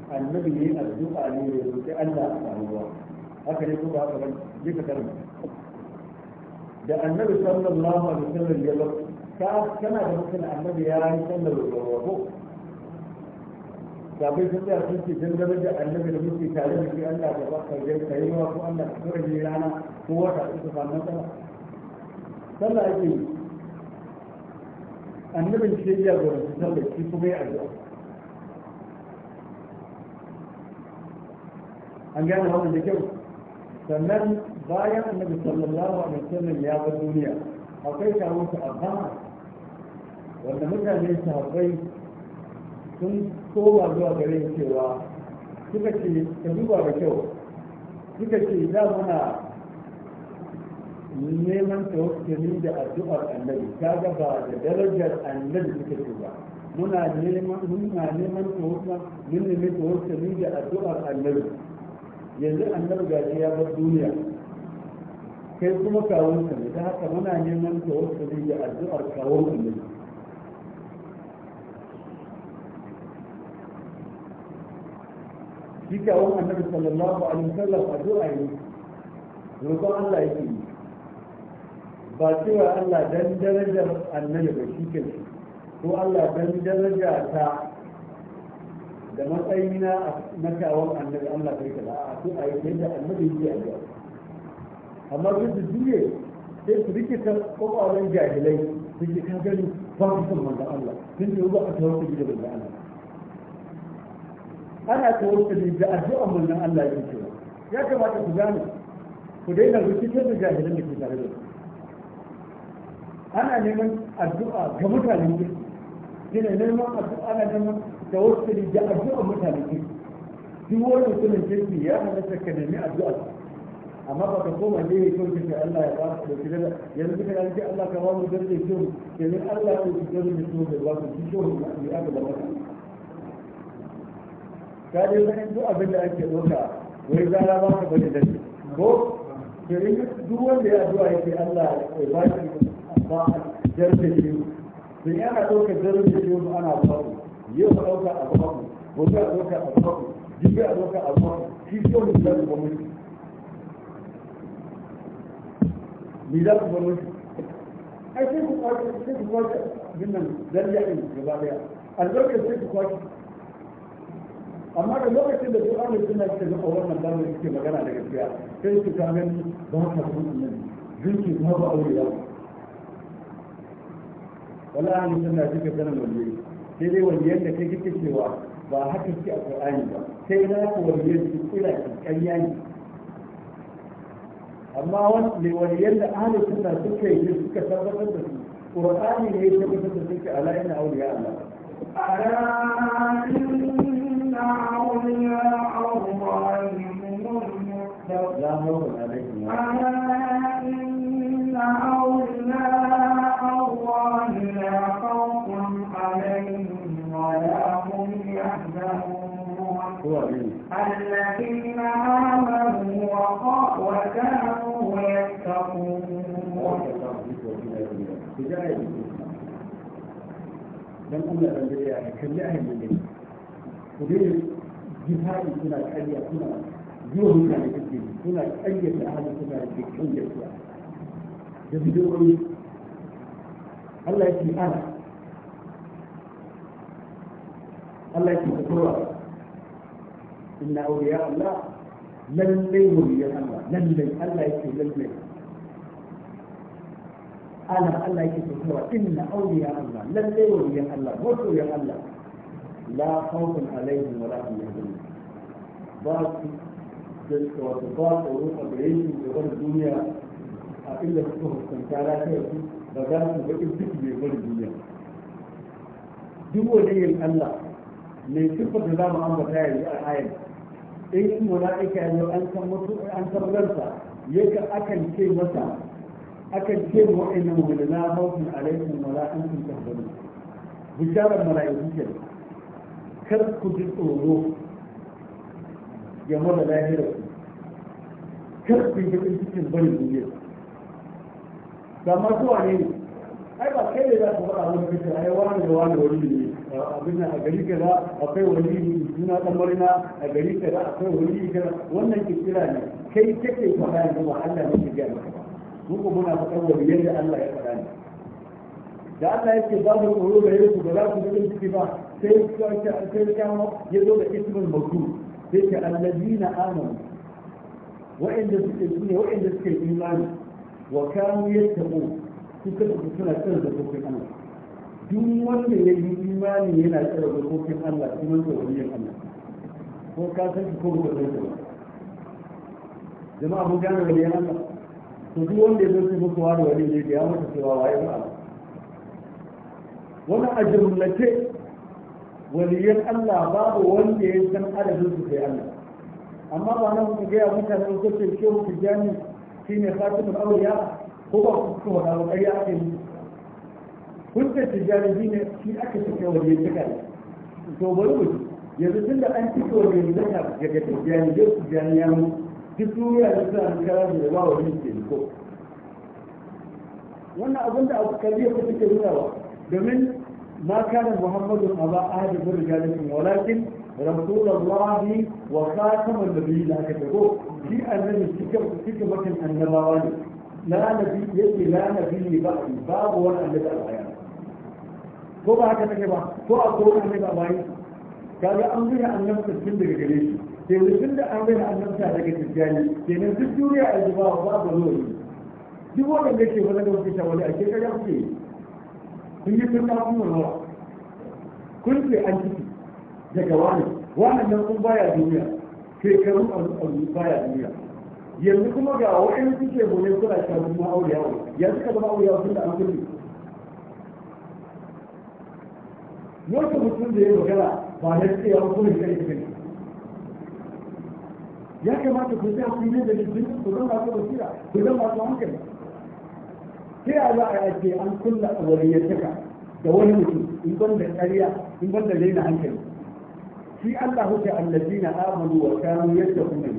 annabi ne a zuwa ne da roƙi Allah a rayuwa haka ne kuma haka ba duka karanta da annabi sallallahu alaihi sallam ya bar ta kana da mutum annabi ya rayu sallallahu alaihi wasallam gabai bai tsaya sun ce sun zama da annabi da muke tare da shi Allah da ba kai kai wa ko Allah ka kura ni rana ko wata su samu matsala sallah ake yi annabin shi ya jagoranci da shi kuma ya addu'a an gane wannan da kyau sannan bayan annabi sallallahu alaihi wasallam ya bar duniya akwai taron su azama wanda mutane su sahabbai sun koma zuwa gare cewa suka ce ka duba da kyau suka ce za muna neman tawakkali da addu'ar annabi ta ba da darajar annabi suka ce ba muna neman muna neman tawakkali mun neman tawakkali da addu'ar annabi yanzu annabi gashi ya bar duniya kai kuma kawun ka ne ta haka muna neman tawakkali da addu'ar kawun annabi shi kawun annabi sallallahu alaihi wasallam addu'a ne roƙon Allah yake yi ba cewa Allah dan darajar annabi ba shi kai ko Allah dan daraja ta da matsayina a matawan annabi Allah bai kaza a ko a yake da annabi yake a yau amma duk da duniya sai su rike ta kokarin jahilai su ji ta gani ba su san manzo Allah sun ce ba a tawo su da manzo Allah ana tawo su da addu'a manzo Allah yake cewa ya kamata ku gane ku daina rikitar da jahilan da ke tare da ku ana neman addu'a ga mutanen kirki yana neman addu'a ana neman da wasu da addu'a mutanen kirki duk wani mutumin kirki ya halatta ka nemi addu'a amma ba ka koma ne ya kyau kake Allah ya ba da kira da yanzu kika ga ce Allah ka ba mu darje kyau yanzu Allah ya yi darje kyau da ba ku kyau ne aka da maka ka dai wani duk abin da ake doka wai zara ba ka bane darje ko to in duk wanda ya addu'a yake Allah ya ba shi ba a in ɗauka ana babu yau ɗauka a babu gobe a ɗauka a babu jibi a ɗauka a babu shi ne mutu ni za ai sai ku sai ku gaba albarkar sai ku amma da lokacin da duk amin suna suka zama wannan damar suke magana da gaskiya sai su kamen ba nan wallahi tana duka sanin wani sai dai wani yadda kai kike cewa ba haka shi a Qur'ani ba sai za ku wani su kula da kanya ne amma wani wani yadda ahlus sunna suka yi suka tabbatar da su Qur'ani ne ya tabbatar da suka ala ina auliya Allah ala inna auliya الذين آمنوا وكانوا يتقون dan Allah ban da ya kalli ahalin ne ku dai jihadi kuna kariya kuna yiwa mutane kake kuna kariya da ahalin kuna da kan gaskiya da bidiyoyi Allah ya ce ana Allah ya ce ku kowa إن أولياء الله لن للي يا الله لن الله يكفي للي أنا الله يكفي إن أولياء الله لن للي يا الله يا الله لا خوف عليهم ولا هم يحزنون ضاق وضاق وروح بعيش في غير الدنيا إلا تكون استمتارات بغاك وإن تكبر غير الدنيا دو لي الله من صفة نظام أمر هاي الآية in munafika ya an san mutu an san ransa yake akan ce masa akan ce mu inna mu'minina mawtun alaikum wala antum tahzanun bisharar mala'iku ke kar ku ji tsoro game da lahirar ku kar ku ji cikin bari duniya da ma zuwa ne ai ba kai ne za ku faɗa wani fitar ai wani da wani wani ne abin a gari kaza akwai wani suna dan murna a gari kaza akwai wani kaza wannan kira ne kai kake faɗa ne, kuma Allah ne ke gani maka muku muna faɗa wani yadda Allah ya faɗa ne da Allah ya ce babu tsoro da yau ba za ku ga ciki ba sai sai kama ya zo da ismin mawdu sai ce allazina amanu wa'anda suke sune wa'anda suke imani wa kanu yattaqu suka suna kan zakokin Allah duk wanda ya yi imani yana tsara dokokin Allah sunan sa waliyin Allah ko ka san shi ko ba san shi ba jama'a mun gane waliyin Allah to duk wanda ya zo musu wani wali ne da ya masa cewa waye ba Allah wannan a jumlace waliyan Allah babu wanda ya san adadin su sai Allah amma ba nan ku ga mutanen ko ce ke ku jami shine fatimul awliya ko ba ku ko da ƙarya ake hujjar tijjani ne shi aka shi kai wajen duka to bari mu yanzu tun da an cika wajen duka daga tijjani zai tijjani ya mu duk duniya da suna da kara da ba wani ke ko wannan abin da abu kalli ya kusa ke nuna ba domin ma kana muhammadun aba ahadi bin rijalikum walakin رسول الله وخاتم النبي لا كتبه في أنني سكر مكان النبوان لا نبي يأتي لا نبي بعد باب ولا النبي الحياة ko ba haka take ba ko a ko ne ba bayi kaga an bi annabta tun daga gare shi yanzu tun da an bi annabta daga tijjani kenan duk duniya a ji ba ba ba zo ne duk wanda ke wani da kuke tawali a ke kaga kuke kun yi kun kafu mun hawa kun ce an ciki daga wani wannan nan kun baya duniya shekaru a baya duniya yanzu kuma ga wa'in suke gole suna shagun ma'auriyawa yanzu ka zama auriyawa tun da an gudu wata mutum da ya magana ba da ce ya kuma kai kai ya kamata ku sai ku ne da jin ku zama ku basira ku zama ku hankali sai a za a ce an kulla awaliyyataka da wani mutum in ban da ƙarya in ban da daina hankali shi Allah hukai allazina amanu wa kanu yattaquna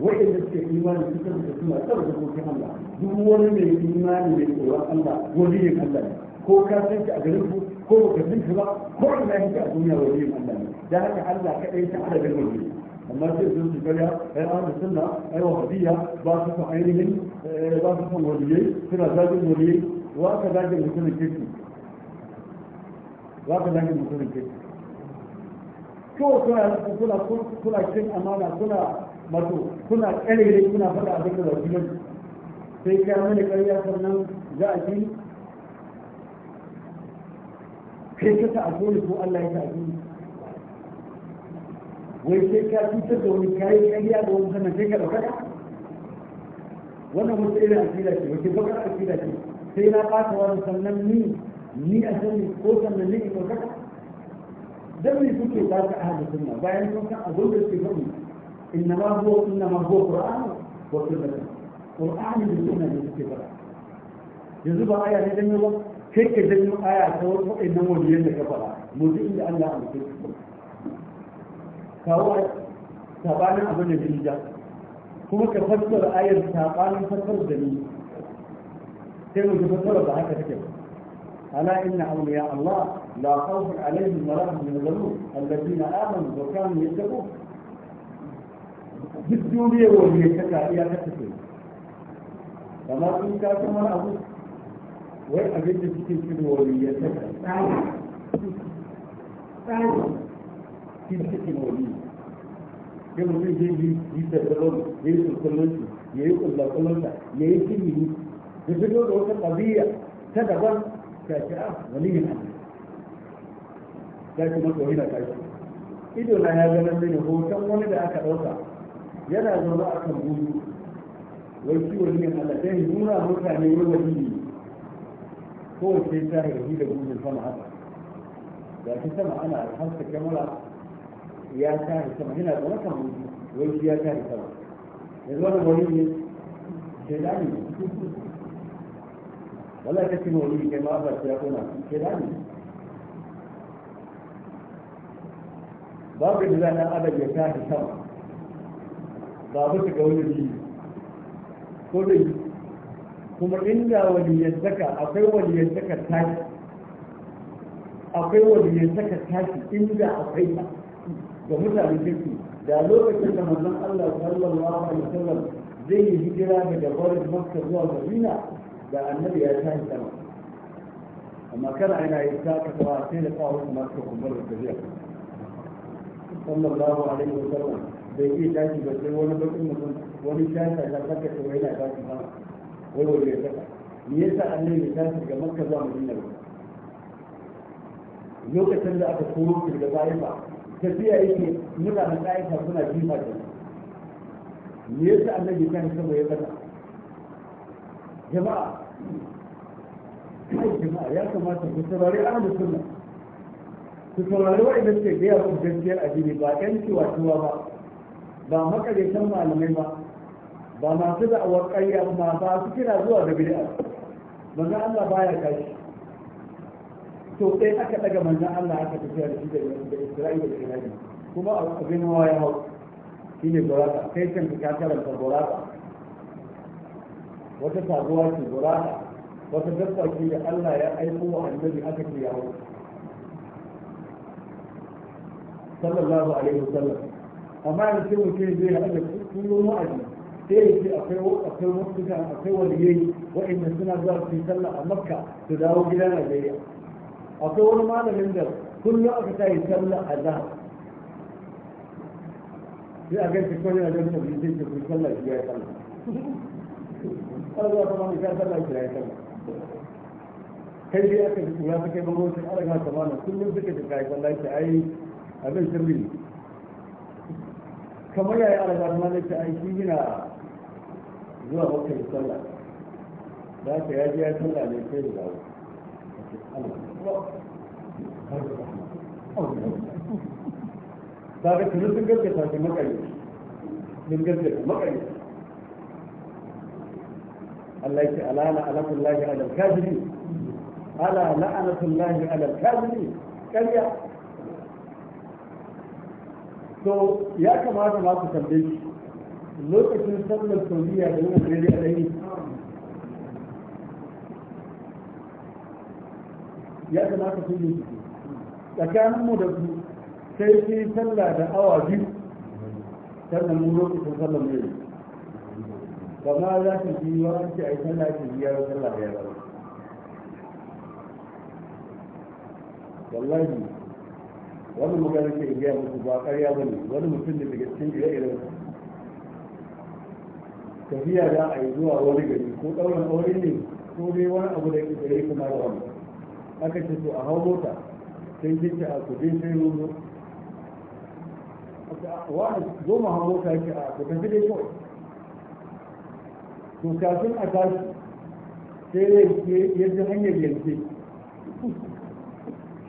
wa'inda suke imani suka da suna tsara da kokin Allah duk wani mai imani mai tsoron Allah wani yin Allah ko ka san shi a garin ku ko baka san shi ba ko ina yake a duniya waliyin Allah ne da haka Allah ɗaya ta adadin waliyi amma sai sun su gariya ai an sunna ai wahabiyya ba su san ainihin eh, ba su san waliyai suna zagin waliyai wa ka zagin mutumin kirki wa ka zagin mutumin kirki kawai kuna kuna kuna cin amana kuna mato kuna kare kuna faɗa abin da ba sai ka mana ƙarya sannan za a ci kai ka ta'azzuri ko Allah ya ta'azzuri wai sai ka cutar da wani kayan kariya da wani sannan sai ka ɗaukaka wannan wasu irin akida ce wace bakar akida ce sai na ɓata wani sannan ni ni a sani ko sannan ni in ɗaukaka dan me kuke ba ta ahli sunna bayan kun san abin da suke faɗi innama huwa innama huwa qur'an wa sunnah qur'an da sunna ne suke faɗa yanzu ba aya ne dan ba كيف جنو آية توقف إنه مجيئن كفرا مجيئن لأن لا أمسك فهو سابعنا أبن جنجا هو كفتر آية سابعنا فتر جنين كيف كفتر بحاكة ألا إن أولياء الله لا خوف عليهم ولا هم من الذنوب الذين آمنوا وكانوا يتقون بالدنيا وهي كفاية كفاية كما كنت كفاية wai abin da suke cire wani ya saka tsari tsari shi suke wani ya mutum zai yi yi tattalon ya yi tattalon shi ya yi kullakulunsa ya yi kimiyyi da fito da wata ƙabiya ta daban ta ce a ah, wani yin abu ta ce masa wani na kashi ido na ya ganin mini hoton wani da aka ɗauka yana zaune a kan gudu wai wani yin Allah sai nuna mutane wani wani kowai sai ta harbi da gudun sama haka da ta sama ana harsa kyamara ya tare sama yana da wata mutu wai shi ya tare sama yanzu wani wani ne ke dani wala ta cin wani ke ma ba ta kuna ke dani babu da zan adam ya tare sama babu ta ga wani ko dai kuma inda waliyan zaka akwai waliyan zaka tashi akwai waliyan zaka tashi inda akwai ta ga mutane kirki da lokacin da manzon Allah sallallahu alaihi wasallam zai yi hijira daga barin Makka zuwa Madina da annabi ya tashi sama amma kana ina yi taka tawa sai da kawo kuma ka kuma da tafiya sallallahu alaihi wasallam bai iya tashi ba sai wani bakin mutum wani shata ta kaka kuma yana tashi sama warware ya saka me sa annabi ya tafi daga makka zuwa madina lokacin da aka koro da daga ba tafiya yake mutanen ɗa'ifa suna jifa da me sa annabi ya tafi saboda ya saka jama'a kai jama'a ya kamata ku saurari ahlus sunna ku saurari wa'anda suke gaya muku gaskiyar addini ba ƴan ciwa ba ba makarantar malamai ba ba masu da'awar ƙarya ma ba su kira zuwa da bid'a manzon Allah baya kashi to sai aka daga manzon Allah aka tafiya da shi da Isra'ila da Iraki kuma abin hawa ya hau shine buraka kai kan ka karanta buraka wata sabuwa ce buraka wata dabba ce da Allah ya aiko wa annabi aka ce ya hau sallallahu alaihi wasallam amma yanzu mutum zai haɗa da kullum wa'azi sai ya ce akwai akwai mutuka akwai waliyai wa'inda suna zuwa su sallah a makka su dawo gida najeriya akwai wani malamin da kullum aka ta yi sallah a zahar sai a gaisa kawai na jami'a biyu sai ce kun sallah shi ya yi sallah ƙwararwa ta mani ta sallah shi ya yi sallah kai dai aka kura ta kai bangon sai an raga ta mana kullum suka ta kai sallah shi a ai abin sirri kamar ya yi raga ta mana shi ai shi yana zuwa bakwai sallah za ka yaji ya sallah ne sai da dawo ta ga tuni sun gaskata shi makare sun gaskata makare Allah yake alana alakun lahi alal kafiri ala la'anatun lahi alal kafiri karya to ya kamata ma ku tambaye shi lokacin sallar saudiya da yana gari a ɗani ya kamata su yi tsakanin mu da su sai sai sallah da awa biyu sannan mu lokacin sallar mai kama za su yi wa ce a yi sallah ke biyar sallah da yawa wallahi wani magana ke iya musu ba ƙarya ba ne wani mutum da daga cikin ire-iren tafiya za a yi zuwa wani gari ko ɗaurin aure ne ko dai wani abu da ke gari kuma da wani aka ce to a hau mota sai ce ce a kudin sai ruzo wani zo mu hau mota ce a kudin sai da kawai to kafin a tashi sai yadda hanyar yanke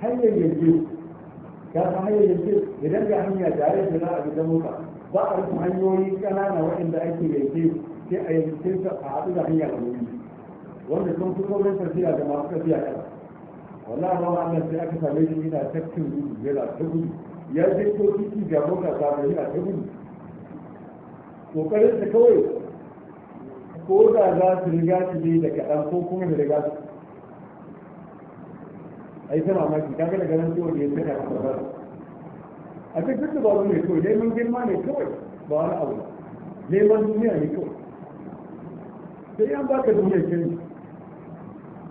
hanyar yanke ya fi hanyar yanke idan ga hanya tare da za a bi da mota za a rufe hanyoyi ƙanana waɗanda ake yanke sai a yanke su a haɗu da hanyar da wuri wanda sun fi sauran tafiya da masu tafiya kan wallahi ba wannan sai aka same shi yana tafkin gudu yana ta gudu ya je ko titi ga mota ta mai yana ta gudu kokarin ta kawai ko da za su riga su ne da kaɗan ko kuma da riga su ai ta mamaki kaga daga nan ciwon da ya tsaya a a duk duk ba ne kawai neman girma ne kawai ba wani abu neman duniya ne kawai sai an baka duniyar sani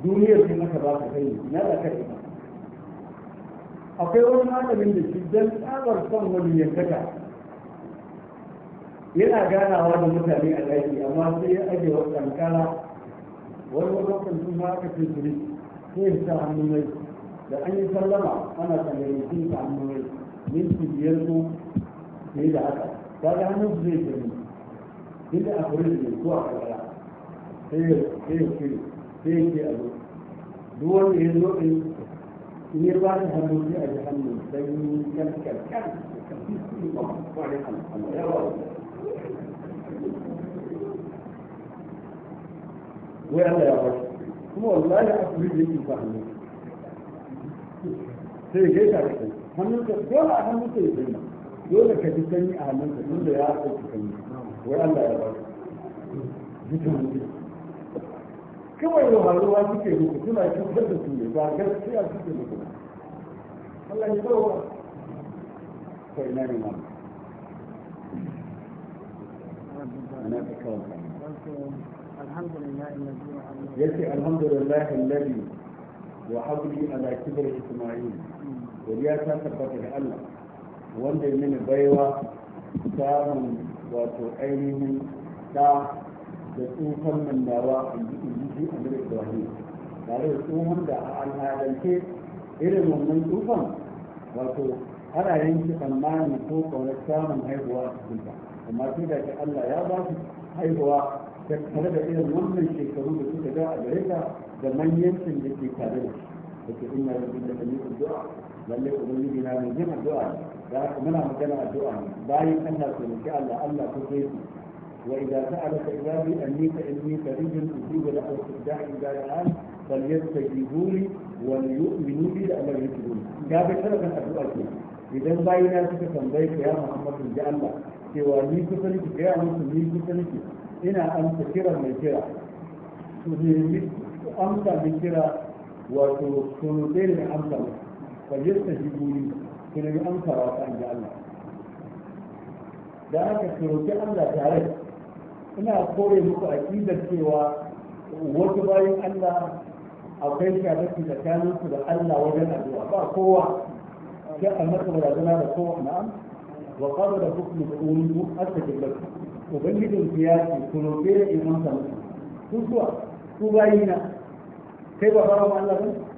duniyar ba ka baka ne, na da kai ba akwai wani malamin da shi dan tsabar son wani yankata yana ganawa da mutane a daji amma sai ya ajiye wa kankara wani lokacin sun ma aka ce su ne sai ya sa hannun mai da an yi sallama ana sallama sun sa hannun mai minti biyar ko sai da haka ta ga hannun su zai gani duk da akwai ne ko a kakara sai ya sai ya kiri sai ya ke a zo duk wanda ya zo in in ya ba da hannu sai a ji hannu sanyi kan kan kan kan wai Allah ya kuma wallahi akwai da yake ba sai ya gaisa da kai hannunka dole a hannunka ya sanyi dole ka ji sanyi a hannunka tunda ya ɗauki sanyi wai Allah ya ba su kawai wahalarwa suke muku suna cutar da su ne ba gaskiya suke muku Allah ya dawo ko ina ne ma ana ta kawo yace alhamdulillah alladhi wa habli ala kibri isma'il godiya ta tabbata da Allah wanda ya mini baiwa samun wato ainihin ta da tsufan nan dawa in ji yi ji a da ibrahim tare da tsohon da a al'adance irin wannan tsufan wato ana yanki tsammani ko kaunar samun haihuwa a cikin ta amma sai da Allah ya ba su haihuwa tare da irin wannan shekaru da suka ga a gare ta da manyancin da ke tare da shi da ke inna rabbi da kamilu du'a lalle ubangiji na mai jin addu'a ne da haka muna magana addu'a ne bayan Allah ku roki Allah Allah ku kai ku wa idza sa'alaka ibadi anni fa inni qaribun ujibu lahu da'i idza da'an falyastajibu li wa yu'minu bi la'allahu yahtadun ga bai kada kan addu'a ce idan na suka tambaye ka ya Muhammadu ji Allah cewa ni kusa nake ga ya musu ni kusa nake ina amsa kira mai kira to ne amsa mai kira wato sun sunutai ne amsa mai فليستجيبوا لي كنا أنكر وأن Allah. da aka kiroki Allah tare ina kore muku aƙidar cewa wasu bayan Allah akwai shafarci tsakaninsu da Allah wajen addu'a ba kowa sai a masa barazana da kowa na'am wa qala da hukmu qulu astajib lakum ubangijin ku ya ce ku roƙe da iman sa musu ku zuwa ku bayina kai ba fara Allah ba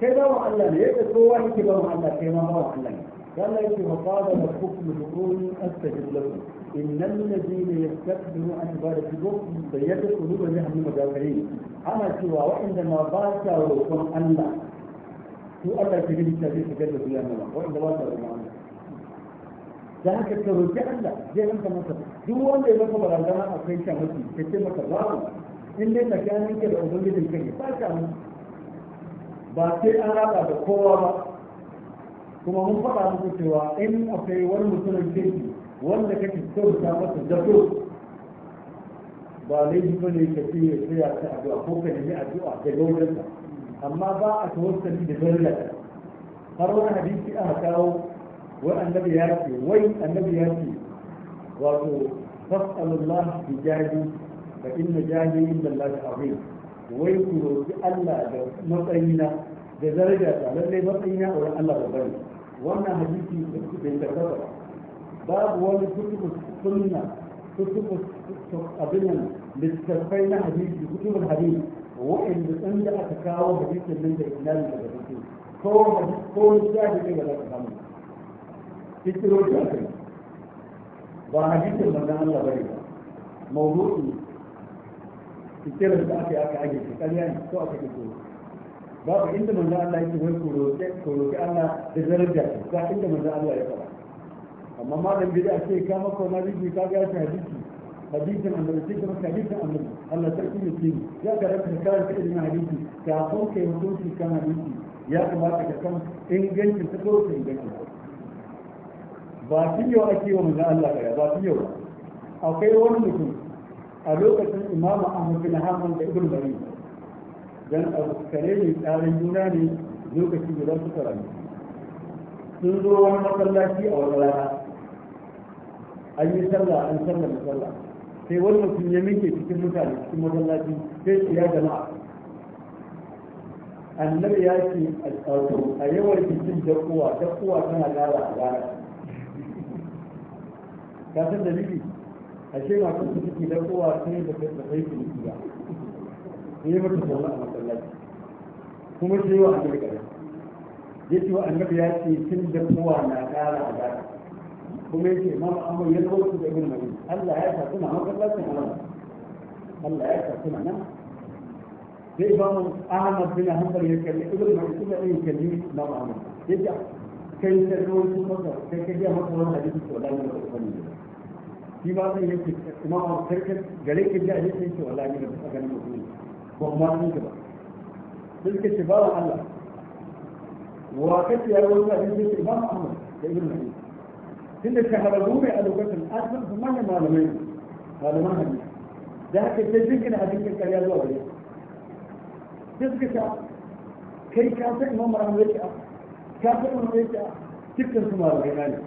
kai ba mu Allah ne yadda kowa yake ba mu Allah kai ma ba mu Allah ne Allah yake wa qala la kufru duquni astajib lakum innal ladina yastakbiru an ibadatikum da yadkhulu jahannama dakirin ana cewa waɗanda ma ba sa roƙon Allah su Allah ke gidi tafi su gaba su yana waɗanda ba sa roƙon Allah da haka ka roƙi Allah zai ranka masa duk wanda ya zama barazana akwai shamaki ka ce maka babu in dai tsakaninka da ubangijin kai ba ka masa ba sai an raba da kowa ba kuma mun faɗa muku cewa in akwai wani mutumin kirki wanda kake kyauta masa zato ba laifi ba ne ka fiye tsaya ta addu'a ko ka nemi addu'a da gaurinsa amma ba a tawassali da zalla har wani hadisi aka kawo wai annabi ya ce wai annabi ya ce wato fas'alullah bi jahi fa inna jahi inda Allah azim wai ku roƙi Allah da matsayina da daraja ta lallai matsayina a wurin Allah babban ne wannan hadisi da su bai tabbata babu wani kutubu sunna kutubu abin nan littattafai na hadisi kutubul hadisi wa'anda san da aka kawo hadisin nan da islamin daga cikin ko hadisi ko littafi ne ba za ka samu fitiro da aka yi ba hadisin manzon Allah bane ba mawdu'in kiran da aka yi aka age ta ne ko aka babu inda manzo Allah yake wai koroke koroke Allah da daraja ta inda manzo Allah ya fara amma malam ce ka maka na rubi ka ga shi hadisi hadisin annabi sai kuma hadisin annabi Allah sarki ya ga ka irin hadisi ka ko kai kan hadisi ya kamata ka san ta ko ba shi yau ake wa manzo Allah ba ba shi yau akwai wani mutum a lokacin imamu ahmad bin hanbal da ibn bari dan abukare ne tsarin juna ne lokaci da su rayu sun zo wani masallaci a wani rana an yi sallah an sallah sallah sai wani mutum ya minke cikin mutane cikin masallaci sai su ya jama'a annabi ya ce a tsaro a yawar cikin dakuwa dakuwa tana gara a gara ka san dalili ashe masu ciki da kowa sai ba ta sai ciki ba sai mata sallah a masallaci kuma sai wa annabi kare ya ce wa annabi ya ce tun da kowa na kara a zaka kuma ya ce mama amma ya kawo da ibn nabi Allah ya sa suna masallacin Allah Allah ya sa suna nan sai ba mu Ahmad bin Hanbal ya kalli ibn nabi kuma ya kalli na Muhammad ya ce kai ta ruwan su masa kai ka ga masa wannan hadisi to dan ne في بعض الناس ما هو سيركل جليك بلا ليس انت ولا اجي بس انا موجود وهم ما انت بقى تلك الشباب على وقت يا ولد انت الشباب محمد تقول لي كل الشهر الرومي قالوا بس الاسفل هم ما مالهم هذا ما هم ده كتير يمكن هذيك الكلام ده ولا تلك الشباب كي كاسك ما مرام ليش كاسك ما ليش تكتب سمار كمان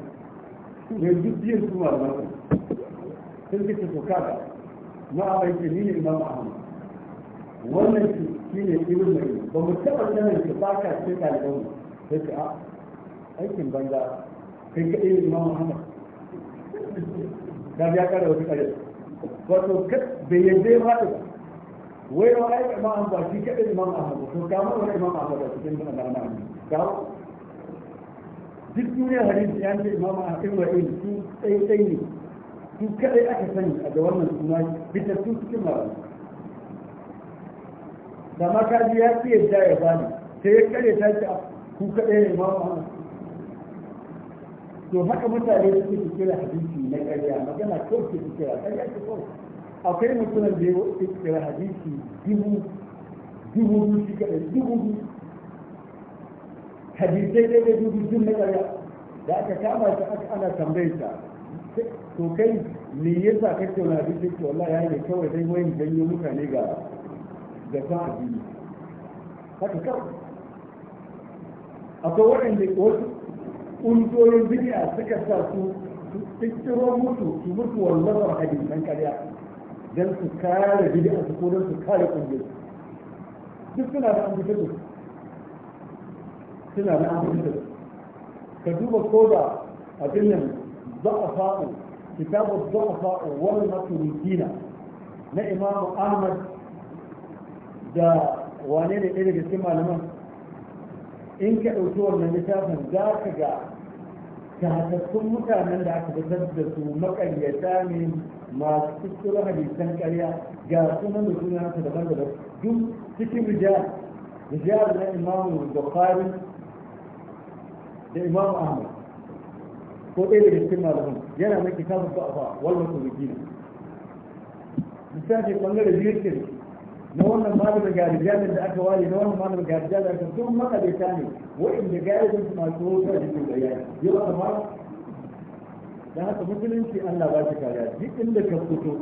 ويجيب دير سمار مثلا sun fi su kaga ma a bai ni ne imam ahmad wannan shi shi ne irin mai ba mu taɓa sanin su ba ka ce ɗaliban mu sai a aikin banza kai ka kaɗai imam ahmad da ya kare wata kare wato bai yadda ya faɗi ba wai wa ai ba an ba shi kaɗai imam ahmad to ka mu wani imam ahmad a cikin bin da nan ka duk duniya hadisi ya ce imam ahmad ibn su tsaye tsaye ne su kadai aka sani a ga wannan suna bitar su cikin mara da makaji kaji ya fiye da ya bani sai ya kare ta ce ah, ku kadai ne ma ma to haka mutane suke su kira hadisi na karya magana kawai su kira karya su kawai akwai mutumin da ya kira hadisi dubu dubu shi kadai dubu hadisai daidai dubu sun na karya da aka kama shi aka ana tambayar to kai me yasa kake wani abin da ke wallahi yayi kawai dai wani janyo mutane ga a biyu. haka kawai akwai waɗanda wasu ƙungiyoyin bidiya suka sa su tsiro mutu su mutu wallazar nan ƙarya don su kare bidiya su ko don su kare ƙungiyar duk suna da an su suna da an su ka duba ko da abin nan الضعفاء كتاب الضعفاء والمطلوبين نا إمام أحمد دا وانين إلي بسيما لما إنك أتور من كتاب ذاك جاء كهتكم متامن لعك بتدبس ومكا يتامن ما تكتر حديثاً كريا جاء سنة نسونا نتدبان دبس جم سكي رجال رجال لإمام البخاري لإمام أحمد ko ɗaya daga cikin malaman yana mai kitabun ba'afa wal mutawajjin misali bangare biyu ke na wannan malamin ga rijalin da aka ware na wannan malamin ga rijalin da aka duk makalaita ne wa'inda galibin su masu hoto da cikin bayani yau a ma da haka musulunci Allah ba shi kariya duk inda ka fito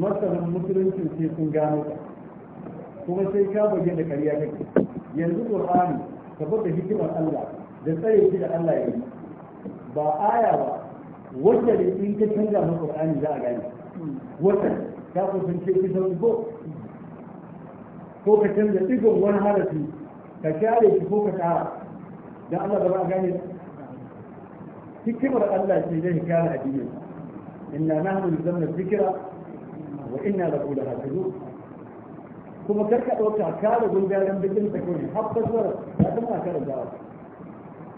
masanin musulunci sai sun gano ka kuma sai ka bayyana kariya kake yanzu qur'ani ka bada hikimar Allah da tsare shi da Allah ya yi ba aya ba wata da in ta canza ma qur'ani za a gane wata ta kusance ki sauki ko ko ka canza digon wani harafi ka share shi ko ka tara dan Allah ba za a gane hikimar Allah ce zai kare addinin inna nahnu nazzalna dhikra wa inna lahu lahafizun kuma karka dauka kare gundarin bikin ta kawai har fasara ta kuma kare gawa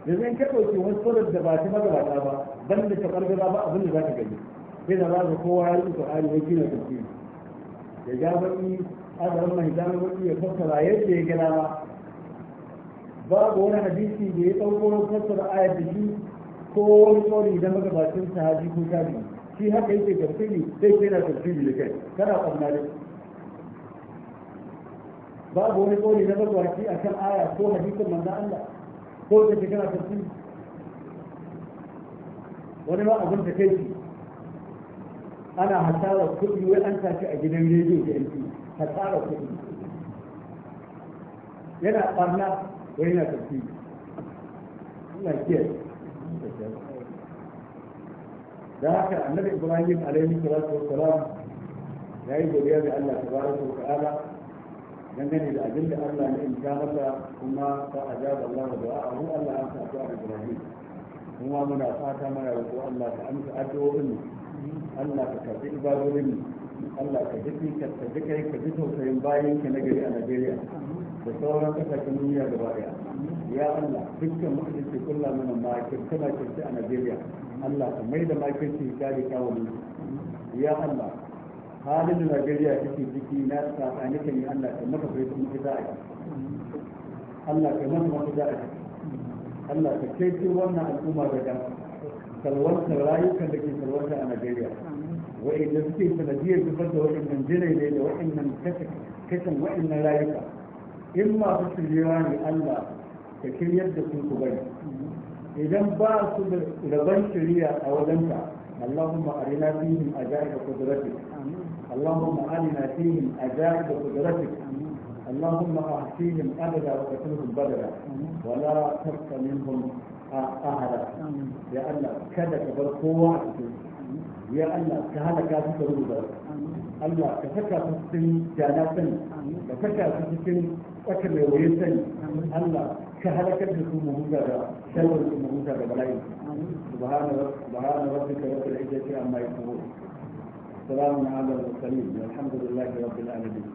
yanzu in ka ɗauki wani surar da ba ta magabata ba ban da ta ɓargaza ba abin da za ka gani sai da za kowa ya yi ƙwari wai kina Da ya ja baƙi azarin mai zama baƙi ya fassara yadda ya gina ba babu wani hadisi da ya ɗauko fassara ayar da shi ko wani tsori da magabacin sahabi ko tabi shi haka yake tafsiri sai ke na tafsiri da kai kana ƙwamna da babu wani tsori na magabaci kan aya ko hadisin manzan Allah ko ta ke kana tafi wani ma abin da kai ana hasarar kuɗi wai an tafi a gidan rediyo da yanki hasarar kuɗi yana ɓarna wai yana tafi ina kiyar da haka annabi ibrahim alaihi salatu wassalam ya yi godiya ga allah tabaraka wa ta'ala dangane da abin da Allah in ta masa kuma ta ajaba Allah da da'a mu Allah an sa ta Ibrahim kuma muna fata mana roƙo Allah ka amsa addu'o'in Allah ka karbi ibadodin Allah ka duki ka tabi kai ka ji tausayin bayan ka na gari a Najeriya da sauran kasashen duniya gaba daya ya Allah dukkan mutum ke kulla ma makirce makirce a Najeriya Allah ka mai da makirce ya kawo mu ya Allah halin da Najeriya take ciki na tsakani kan yi Allah ka maka kai kuma ka za'a Allah ka maka maka za'a Allah ka kai wannan al'umma da dan salwantar rayukan da ke salwanta a Najeriya wa'inda suke sanadiyar zubar da wa'innan jinai da wa'innan kashin wa'innan rayuka in ma su shirya ne Allah ka shiryar da su ku bari idan ba su da rabon shirya a wajenka Allahumma arina fihim ajaib qudratik اللهم علم فيهم أجاب بقدرتك اللهم أعطيهم أبدا وتكلهم بدلا ولا تبقى منهم أهلا يا الله كذا كبر يا الله كهذا كافي ترودا الله كفكا تسكن جاناتا كفكا تسكن أكل ويسن الله كهذا كذا كمهودا شر كمهودا بلاي سبحان ربك رب العزة عما يصفون السلام على المرسلين والحمد لله رب العالمين